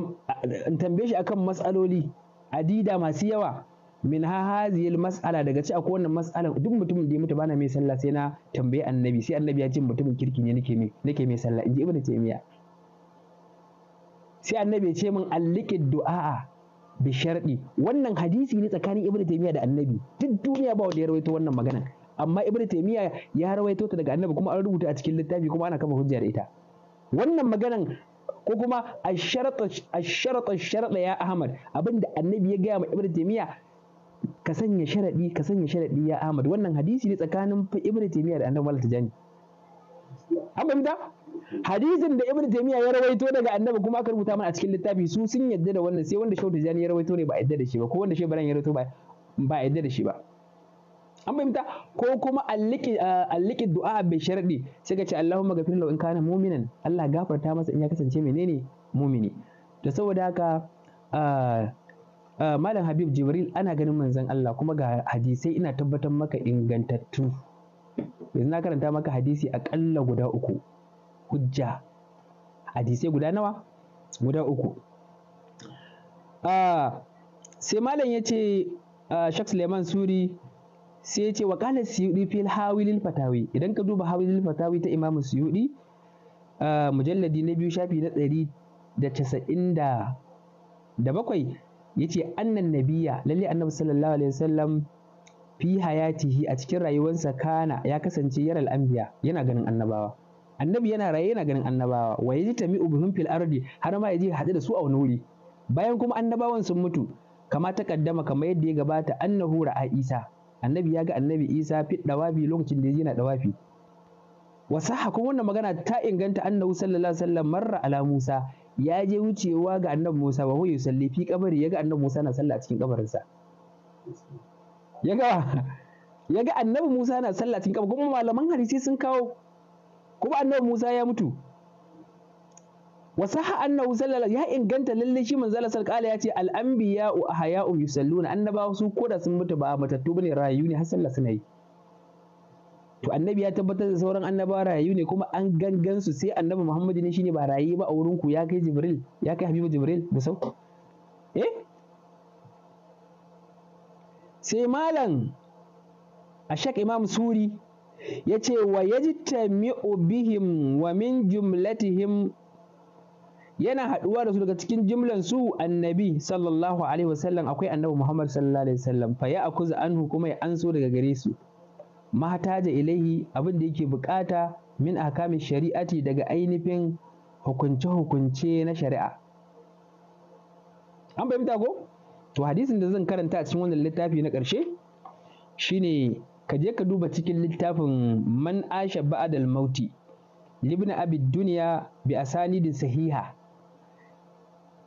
in tambaye shi akan mas'aloli adida masu yawa min ha haziyil mas'ala daga ci akwai wannan mas'alan duk mutumin da ya mutu bana mai sallah sai na tambayi annabi sai annabi ya ce mutumin kirki ne nake mai sallah inji ibnu taymiya sai annabi ya ce min alliqid du'a bi sharɗi wannan hadisi ne tsakanin ibnu taymiya da annabi duk duniya ba wanda ya rawaito wannan magana amma ibnu taymiya ya rawaito ta daga annabi kuma an rubuta a cikin littafi kuma ana kafa hujja da ita wannan maganan ko kuma asharata sharata ya ahmad abinda annabi ya gaya ma ibnu taymiya ka sanya sharadi ka sanya sharadi ya ahmad wannan hadisi ne tsakanin ibnu taymiya da annabi wal tajani an fahimta hadisin da ibnu taymiya ya rawaito daga annabi kuma aka rubuta mana a cikin littafi su sun yadda da wannan sai wanda shehu tijani ya rawaito ne ba yadda da shi ba ko wanda shehu ya rawaito ba ba yadda da shi ba an fahimta ko kuma alliki du'a bai sharadi sai ka ce Allahumma ghafir lahu in kana mu'minan Allah gafarta masa in ya kasance menene mu'mini to saboda haka Malam Habib Jibril ana ganin manzon Allah kuma ga hadisai ina tabbatar maka ingantattu yanzu na karanta maka hadisi a akalla guda uku hujja hadisai guda nawa guda uku ah, sai malam ya ce ah, shak suleiman suri sai ya ce wa kala suyudi fil hawilil fatawi idan ka duba hawilil fatawi ta imamu suyudi ah, mujalladi na biyu shafi na ɗari da casa'in da bakwai ya ce annan nabiya lalle annabi sallallahu alaihi wasallam fi hayatihi a cikin rayuwarsa kana ya kasance yaral anbiya yana ganin annabawa annabi yana raye yana ganin annabawa wa yajtami ubihim fil ardi har ma yaje haɗu da su a wani wuri bayan kuma annabawan sun mutu kama ta kaddama kamar yadda ya gabata annahu ra'a isa annabi ya ga annabi isa fit dawafi lokacin da ya yana dawafi wasaha kuma wannan magana ta inganta annahu sallallahu alaihi wasallam marra ala musa ya je wucewa ga annabi musa ba huwa yusalli fi kabari ya ga annabi musa na sallah a cikin kabarinsa ya ga ya ga annabi musa na sallah cikin kabari kuma malaman hadisi sun kawo kuma annabi Musa ya mutu wasaha annahu sallallahu ya inganta lalle shi manzo Allah sallallahu ya ce al anbiya'u ahya'u yusalluna annabawa su koda sun mutu ba matattu bane rayu ne har sallah suna yi to annabi ya tabbatar da sauran annabawa rayu ne kuma an gangan su sai annabi Muhammad ne shine ba rayu ba a wurin ku ya kai Jibril ya kai Habibu Jibril da sau eh sai malam Ashak Imam Suri ya ce wa yajtami'u bihim wa min jumlatihim yana haɗuwa da su daga cikin jimlan su annabi sallallahu alaihi wasallam akwai annabi muhammad sallallahu alaihi wasallam fa ya akuza anhu kuma ya anso daga gare su mahtaja ilaihi abin da yake bukata min ahkamin shari'ati daga ainihin hukunce-hukunce na shari'a an fahimta ko to hadisin da zan karanta a cikin wannan littafi na ƙarshe shine ka je ka duba cikin littafin man asha ba'adal mauti libna abid duniya bi asanidin sahiha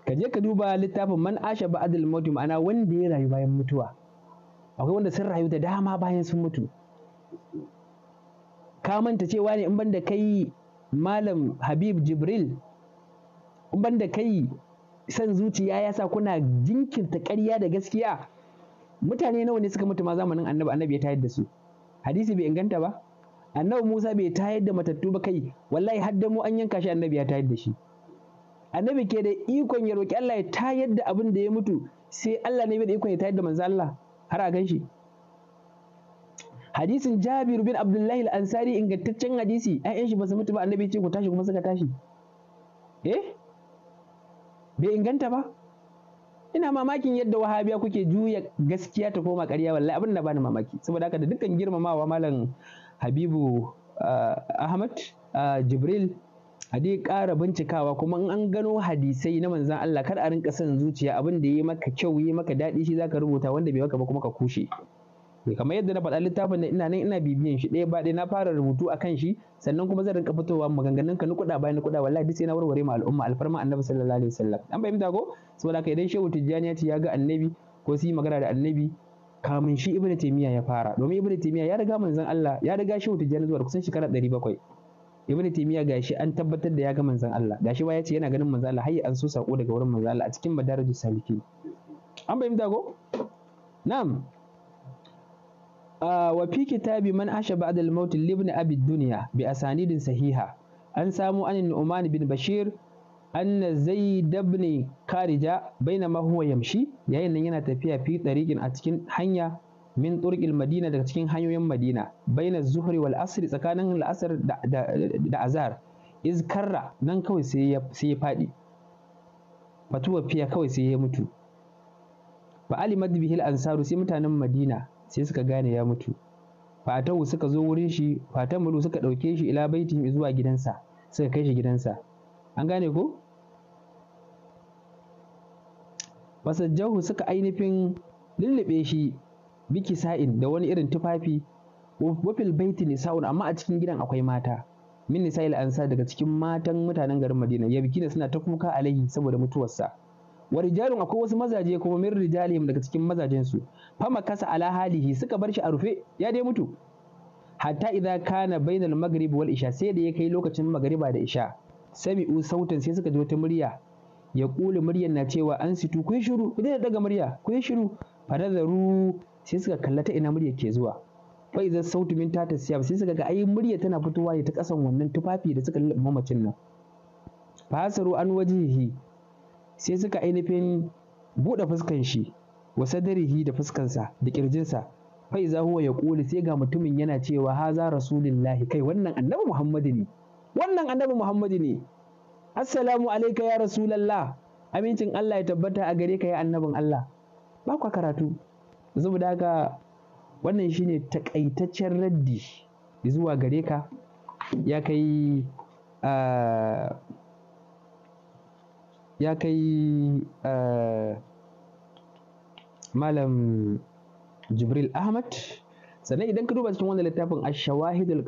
ka je ka duba littafin man asha ba'adal mauti ma'ana wanda ya rayu bayan mutuwa akwai wanda sun rayu da dama bayan sun mutu ka manta cewa ne in ban da kai malam habib jibril in ban da kai san zuciya ya sa kuna jinkirta ƙarya da gaskiya mutane nawa ne suka mutu ma zamanin annabi annabi ya tayar da su hadisi bai inganta ba annabi Musa bai tayar da matattu ba kai wallahi har da mu an yanka shi annabi ya tayar da shi annabi ke da ikon ya roki Allah ya tayar da abin da ya mutu sai Allah ne bai da ikon ya tayar da manzo Allah har a gan shi hadisin Jabir bin Abdullahi al-Ansari ingantaccen hadisi ayyan shi ba su mutu ba annabi ce ku tashi kuma suka tashi eh bai inganta ba ina mamakin yadda wahabiya kuke juya gaskiya ta koma ƙarya wallahi abin da bani mamaki saboda haka da dukkan girmamawa malam habibu ah, ahmad ah, jibril a dai ƙara bincikawa kuma in an gano hadisai na manzan Allah kar a rinka son zuciya abin da ya maka kyau ya maka daɗi shi zaka rubuta wanda bai maka ba kuma ka kushe kamar yadda na faɗa littafin ina nan ina bibiyan shi ɗaya ba ɗaya na fara rubutu a kan shi sannan kuma zan rinka fitowa maganganun ka nukuɗa bayan nukuɗa wallahi duk sai na warware ma al'umma alfarma annabi sallallahu alaihi wasallam an fahimta ko saboda haka idan shehu tijjani ya ce ya ga annabi ko su yi magana da annabi kamun shi ibnu taymiya ya fara domin ibnu taymiya ya riga manzon Allah ya riga shehu tijjani zuwa kusan shekara 700 ibnu taymiya gashi an tabbatar da ya ga manzon Allah gashi ba ya ce yana ganin manzon Allah hayya an so sako daga wurin manzon Allah a cikin madarajus salikin an fahimta ko na'am wa fi kitabi man asha ba'da al-maut ibn abi dunya bi asanidin sahiha an samu anin Nu'man bin Bashir anna Zaid ibn Karija bainama huwa yamshi yayin nan yana tafiya fi tariqin a cikin hanya min turqil Madina daga cikin hanyoyin Madina baina zuhri wal asr tsakanin al-asr da azar iz karra nan kawai sai ya sai ya fadi fatuwa fiya kawai sai ya mutu fa alimad bihi al-ansaru sai mutanen Madina sai suka gane ya mutu fatahu suka zo wurin shi fatamulu suka ɗauke shi ila baitihim zuwa gidansa suka kai shi gidansa an gane ko fasajjahu suka ainihin lullube shi biki sa'in da wani irin tufafi wafil baiti nisa'un amma a cikin gidan akwai mata min nisa'il ansa daga cikin matan mutanen garin madina ne suna ta kuka alaihi saboda mutuwarsa wa rijalun akwai wasu mazaje kuma min rijalihim daga cikin mazajen su fama kasa ala halihi suka bar shi a rufe ya dai mutu hatta idza kana bainal maghrib wal isha sai da ya kai lokacin magriba da isha sami'u sautan sai suka ji wata murya ya kula muryar na cewa an situ kun shiru da daga murya kun shiru nazaru sai suka kallata ina murya ke zuwa fa idza sautu min ta tasiyab sai suka ga ai murya tana fitowa ne ta kasan wannan tufafi da suka lullube mamacin nan fasaru an wajihi sai suka ainihin buɗe fuskan shi wa sadarihi da fuskansa da ƙirjinsa fai za huwa ya ƙuli sai ga mutumin yana cewa haza rasulillahi kai wannan annabi muhammadu ne wannan annabi muhammadu ne assalamu alaika ya rasulallah amincin allah ya tabbata a gare ka ya annabin allah ba kwa karatu da haka wannan shine takaitaccen raddi zuwa gare ka ya kai ah, ya kai eh, malam jibril ahmad sannan idan ka duba cikin wannan littafin a shawahid al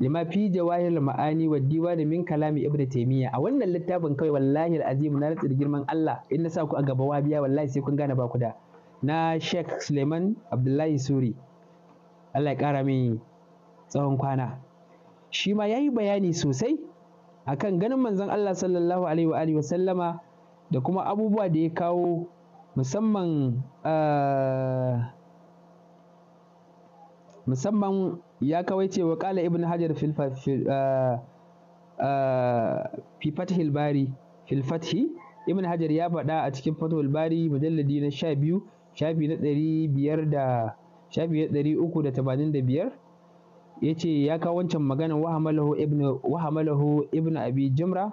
lima fi jawahir ma'ani wa da min kalami ibnu taymiya a wannan littafin kawai, wallahi al-azim na da girman Allah in na sa ku a gaba wa wabiya wallahi sai kun gane ba ku da na shek Suleiman Abdullahi Suri Allah ya kara min tsawon kwana shi ma yi bayani sosai akan ganin manzon Allah sallallahu alaihi wa alihi sallama da kuma abubuwa da ya kawo musamman eh, musamman ya kawai wa kala ibn hajar fil eh, eh, fi fathil bari fil fathi ibn hajar ya faɗa a cikin fathul bari mujalladi na 12 shafi na 500 da shafi na 385 ya ce ya kawo wancan maganan wa ibnu abijimra abi jimra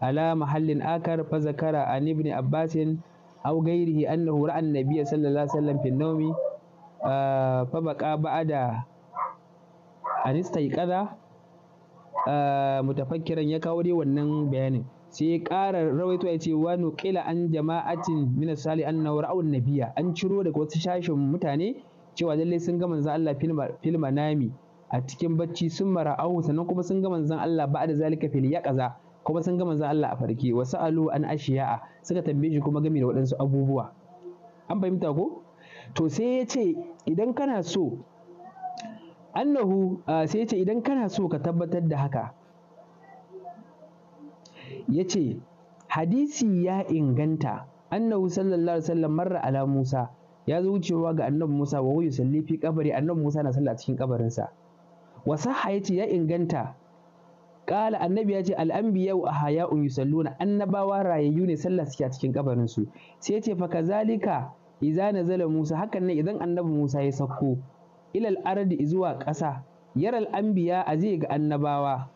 ala mahallin akar fa zakara an ibn abbas aw ghairihi annahu ra'a an-nabiy sallallahu alaihi wasallam fi nawmi ah, fa baqa ba'da an istayqadha ah, mutafakkiran ya kawo dai wannan bayanin sai ya ƙara rawaito ya ce wa nuqila an jama'atin min as-sali annahu ra'a an an ciro daga wasu shashin mutane cewa lallai sun ga manzo Allah fil manami a cikin bacci sun mara'ahu sannan kuma sun ga manzon Allah ba da zalika fil yaqaza kuma sun ga manzon Allah a farke wa sa'alu an ashiya'a suka tambaye shi kuma game da waɗansu abubuwa an fahimta ko to sai ya ce idan kana so annahu sai ya ce idan kana so ka tabbatar da haka ya ce hadisi ya inganta annahu sallallahu alaihi wasallam marra ala musa ya zo wucewa ga annabi musa wa huwa yusalli fi qabri annabi musa na sallah cikin kabarinsa wasaha yace ya inganta ƙala annabi ya ce a wa un yusalluna annabawa rayayyu ne sallah suke a cikin kabarin su sai yace fa kazalika idza nazala Musa hakan ne idan annabi Musa ya sauko ilal ardi zuwa ƙasa yaral anbiya a zai ga annabawa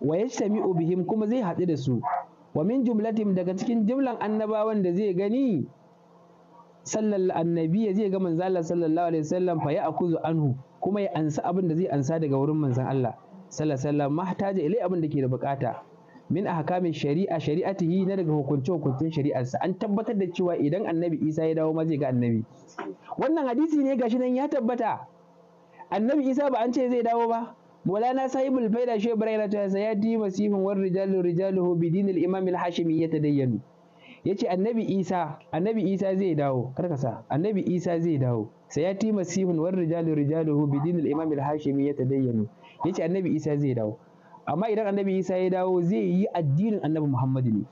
wa yajtami'u bihim kuma zai haɗu da su wa min jumlatim daga cikin jumlan annabawan da zai gani sallallahu annabi zai ga manzo Allah sallallahu alaihi wasallam fa ya'khudhu anhu kuma ya ansa abin da zai ansa daga wurin manzon Allah sallallahu alaihi wasallam mahtaja ilai abin da ke da bukata min ahkamin shari'a shari'atihi na daga hukunce hukuncin shari'arsa an tabbatar da cewa idan annabi isa ya dawo ma zai ga annabi wannan hadisi ne gashi nan ya tabbata annabi isa ba an ce zai dawo ba مولانا صاحب الفيلة شيء بريرة سيأتي مسيح والرجال رجاله بدين الإمام الحاشمي يتدين ya ce annabi isa annabi isa zai dawo karkasa annabi isa zai dawo sayati masihun war rijalu rijaluhu bidinil imam al-hashimi ya tadayyanu ya ce annabi isa zai dawo amma idan annabi isa ya dawo zai yi addinin annabi muhammadu ne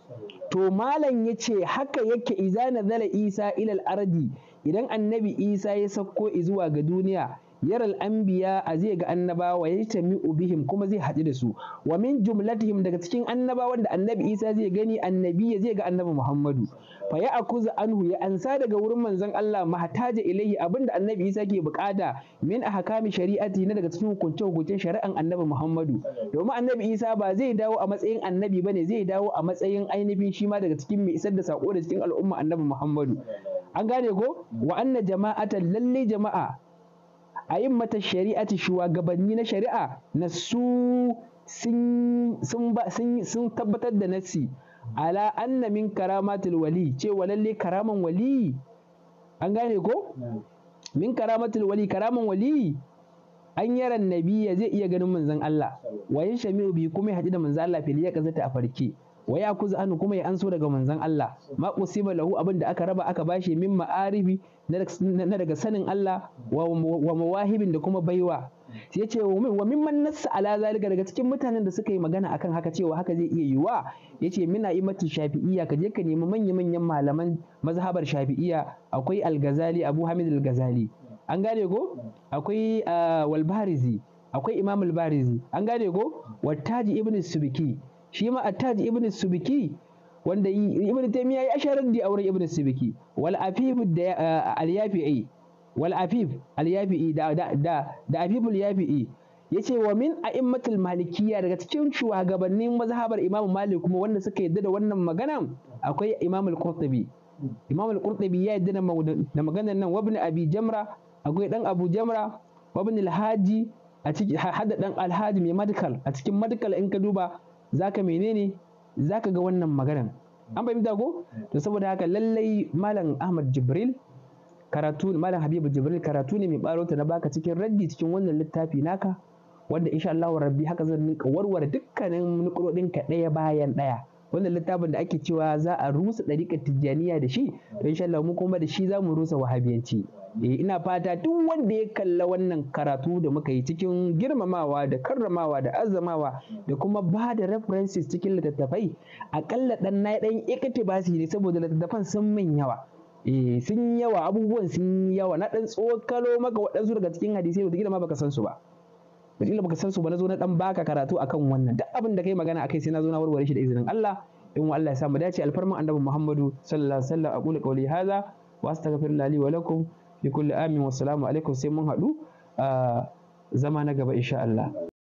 to malam ya ce haka yake iza zala isa ilal ardi idan annabi isa ya sauko zuwa ga duniya yaral anbiya a zai ga annabawa ya tami bihim kuma zai haɗu da su wa min jumlatihim daga cikin annabawan da annabi isa zai gani annabi zai ga annabi muhammadu fa ya akuza anhu ya ansa daga wurin manzon Allah mahtaja ilaihi abinda annabi isa ke bukata min ahkami shari'ati na daga cikin hukunce hukuncen shari'an annabi muhammadu domin annabi isa ba zai dawo a matsayin annabi bane zai dawo a matsayin ainihin shi ma daga cikin mai isar da sako da cikin al'umma annabi muhammadu an gane ko wa anna jama'atan lalle jama'a a yin mata shari'ati shugabanni na shari'a na su sun tabbatar da nasi ala anna min karamatul wali ce walalle karaman wali an gane ko min karamatul wali karaman wali an yara nabiya zai iya ganin manzon Allah wa yin bi kuma ya haɗu da manzon Allah fili ya kazata a farke waya ya kuma ya anso daga manzon Allah ma lahu abin da aka raba aka bashi min ma'arifi na daga sanin Allah wa mawahibin da kuma baiwa ya ce wa mimman nassa ala zalika daga cikin mutanen da suka yi magana akan haka cewa haka zai iya yiwa ya ce yi imati shafi'iyya ka je ka nemi manya-manyan malaman mazhabar shafi'iyya akwai al-ghazali abu hamid al-ghazali an gane ko akwai walbarizi akwai imam al-barizi an gane ko wattaji ibn subki shi ma attaji ibn subki wanda ibn taymiya ya asharar da auren ibn sibiki wal afif da eh, al-yafi'i wal afif al-yafi'i da da da al yafi'i yace wa min a'immatul malikiyya daga cikin shugabannin mazhabar imam malik kuma wanda suka yadda da wannan magana akwai imam al-qurtubi imam al-qurtubi ya yadda da maganar nan wa ibn abi jamra akwai dan abu jamra wa ibn al-haji a cikin hada dan al-haji mai madkal a cikin madkal in ka duba zaka menene za ka ga wannan maganan an bai ko to saboda haka lallai malam ahmad jibril karatu malam habibu jibril karatu ne mai barota na baka cikin raddi cikin wannan littafi naka wanda insha Allah rabbi haka zan ninka warware dukkanin nukurodin ka ɗaya bayan ɗaya wannan littafin da ake cewa za a rusa ɗariƙar tijjaniya da shi don insha Allah mu kuma da shi za mu rusa wahabiyanci e ina fata duk wanda ya kalla wannan karatu da muka yi cikin girmamawa da karramawa da azamawa da kuma ba da references cikin littattafai akalla dan na dan ikitibasi ne saboda littattafan sun min yawa eh sun yawa abubuwan sun yawa na ɗan tsokalo maka waɗansu daga cikin hadisai wata ma baka san su ba wajila baka san su ba na zo na dan baka karatu akan wannan duk abin da kai magana akai sai na zo na warware shi da izinin Allah in wa Allah ya sa mu dace alfarman annabi Muhammadu sallallahu alaihi wasallam aqulu qawli hadha wa astaghfirullahi li wa lakum bi kulli amin wassalamu alaikum sai mun haɗu a zama na gaba insha Allah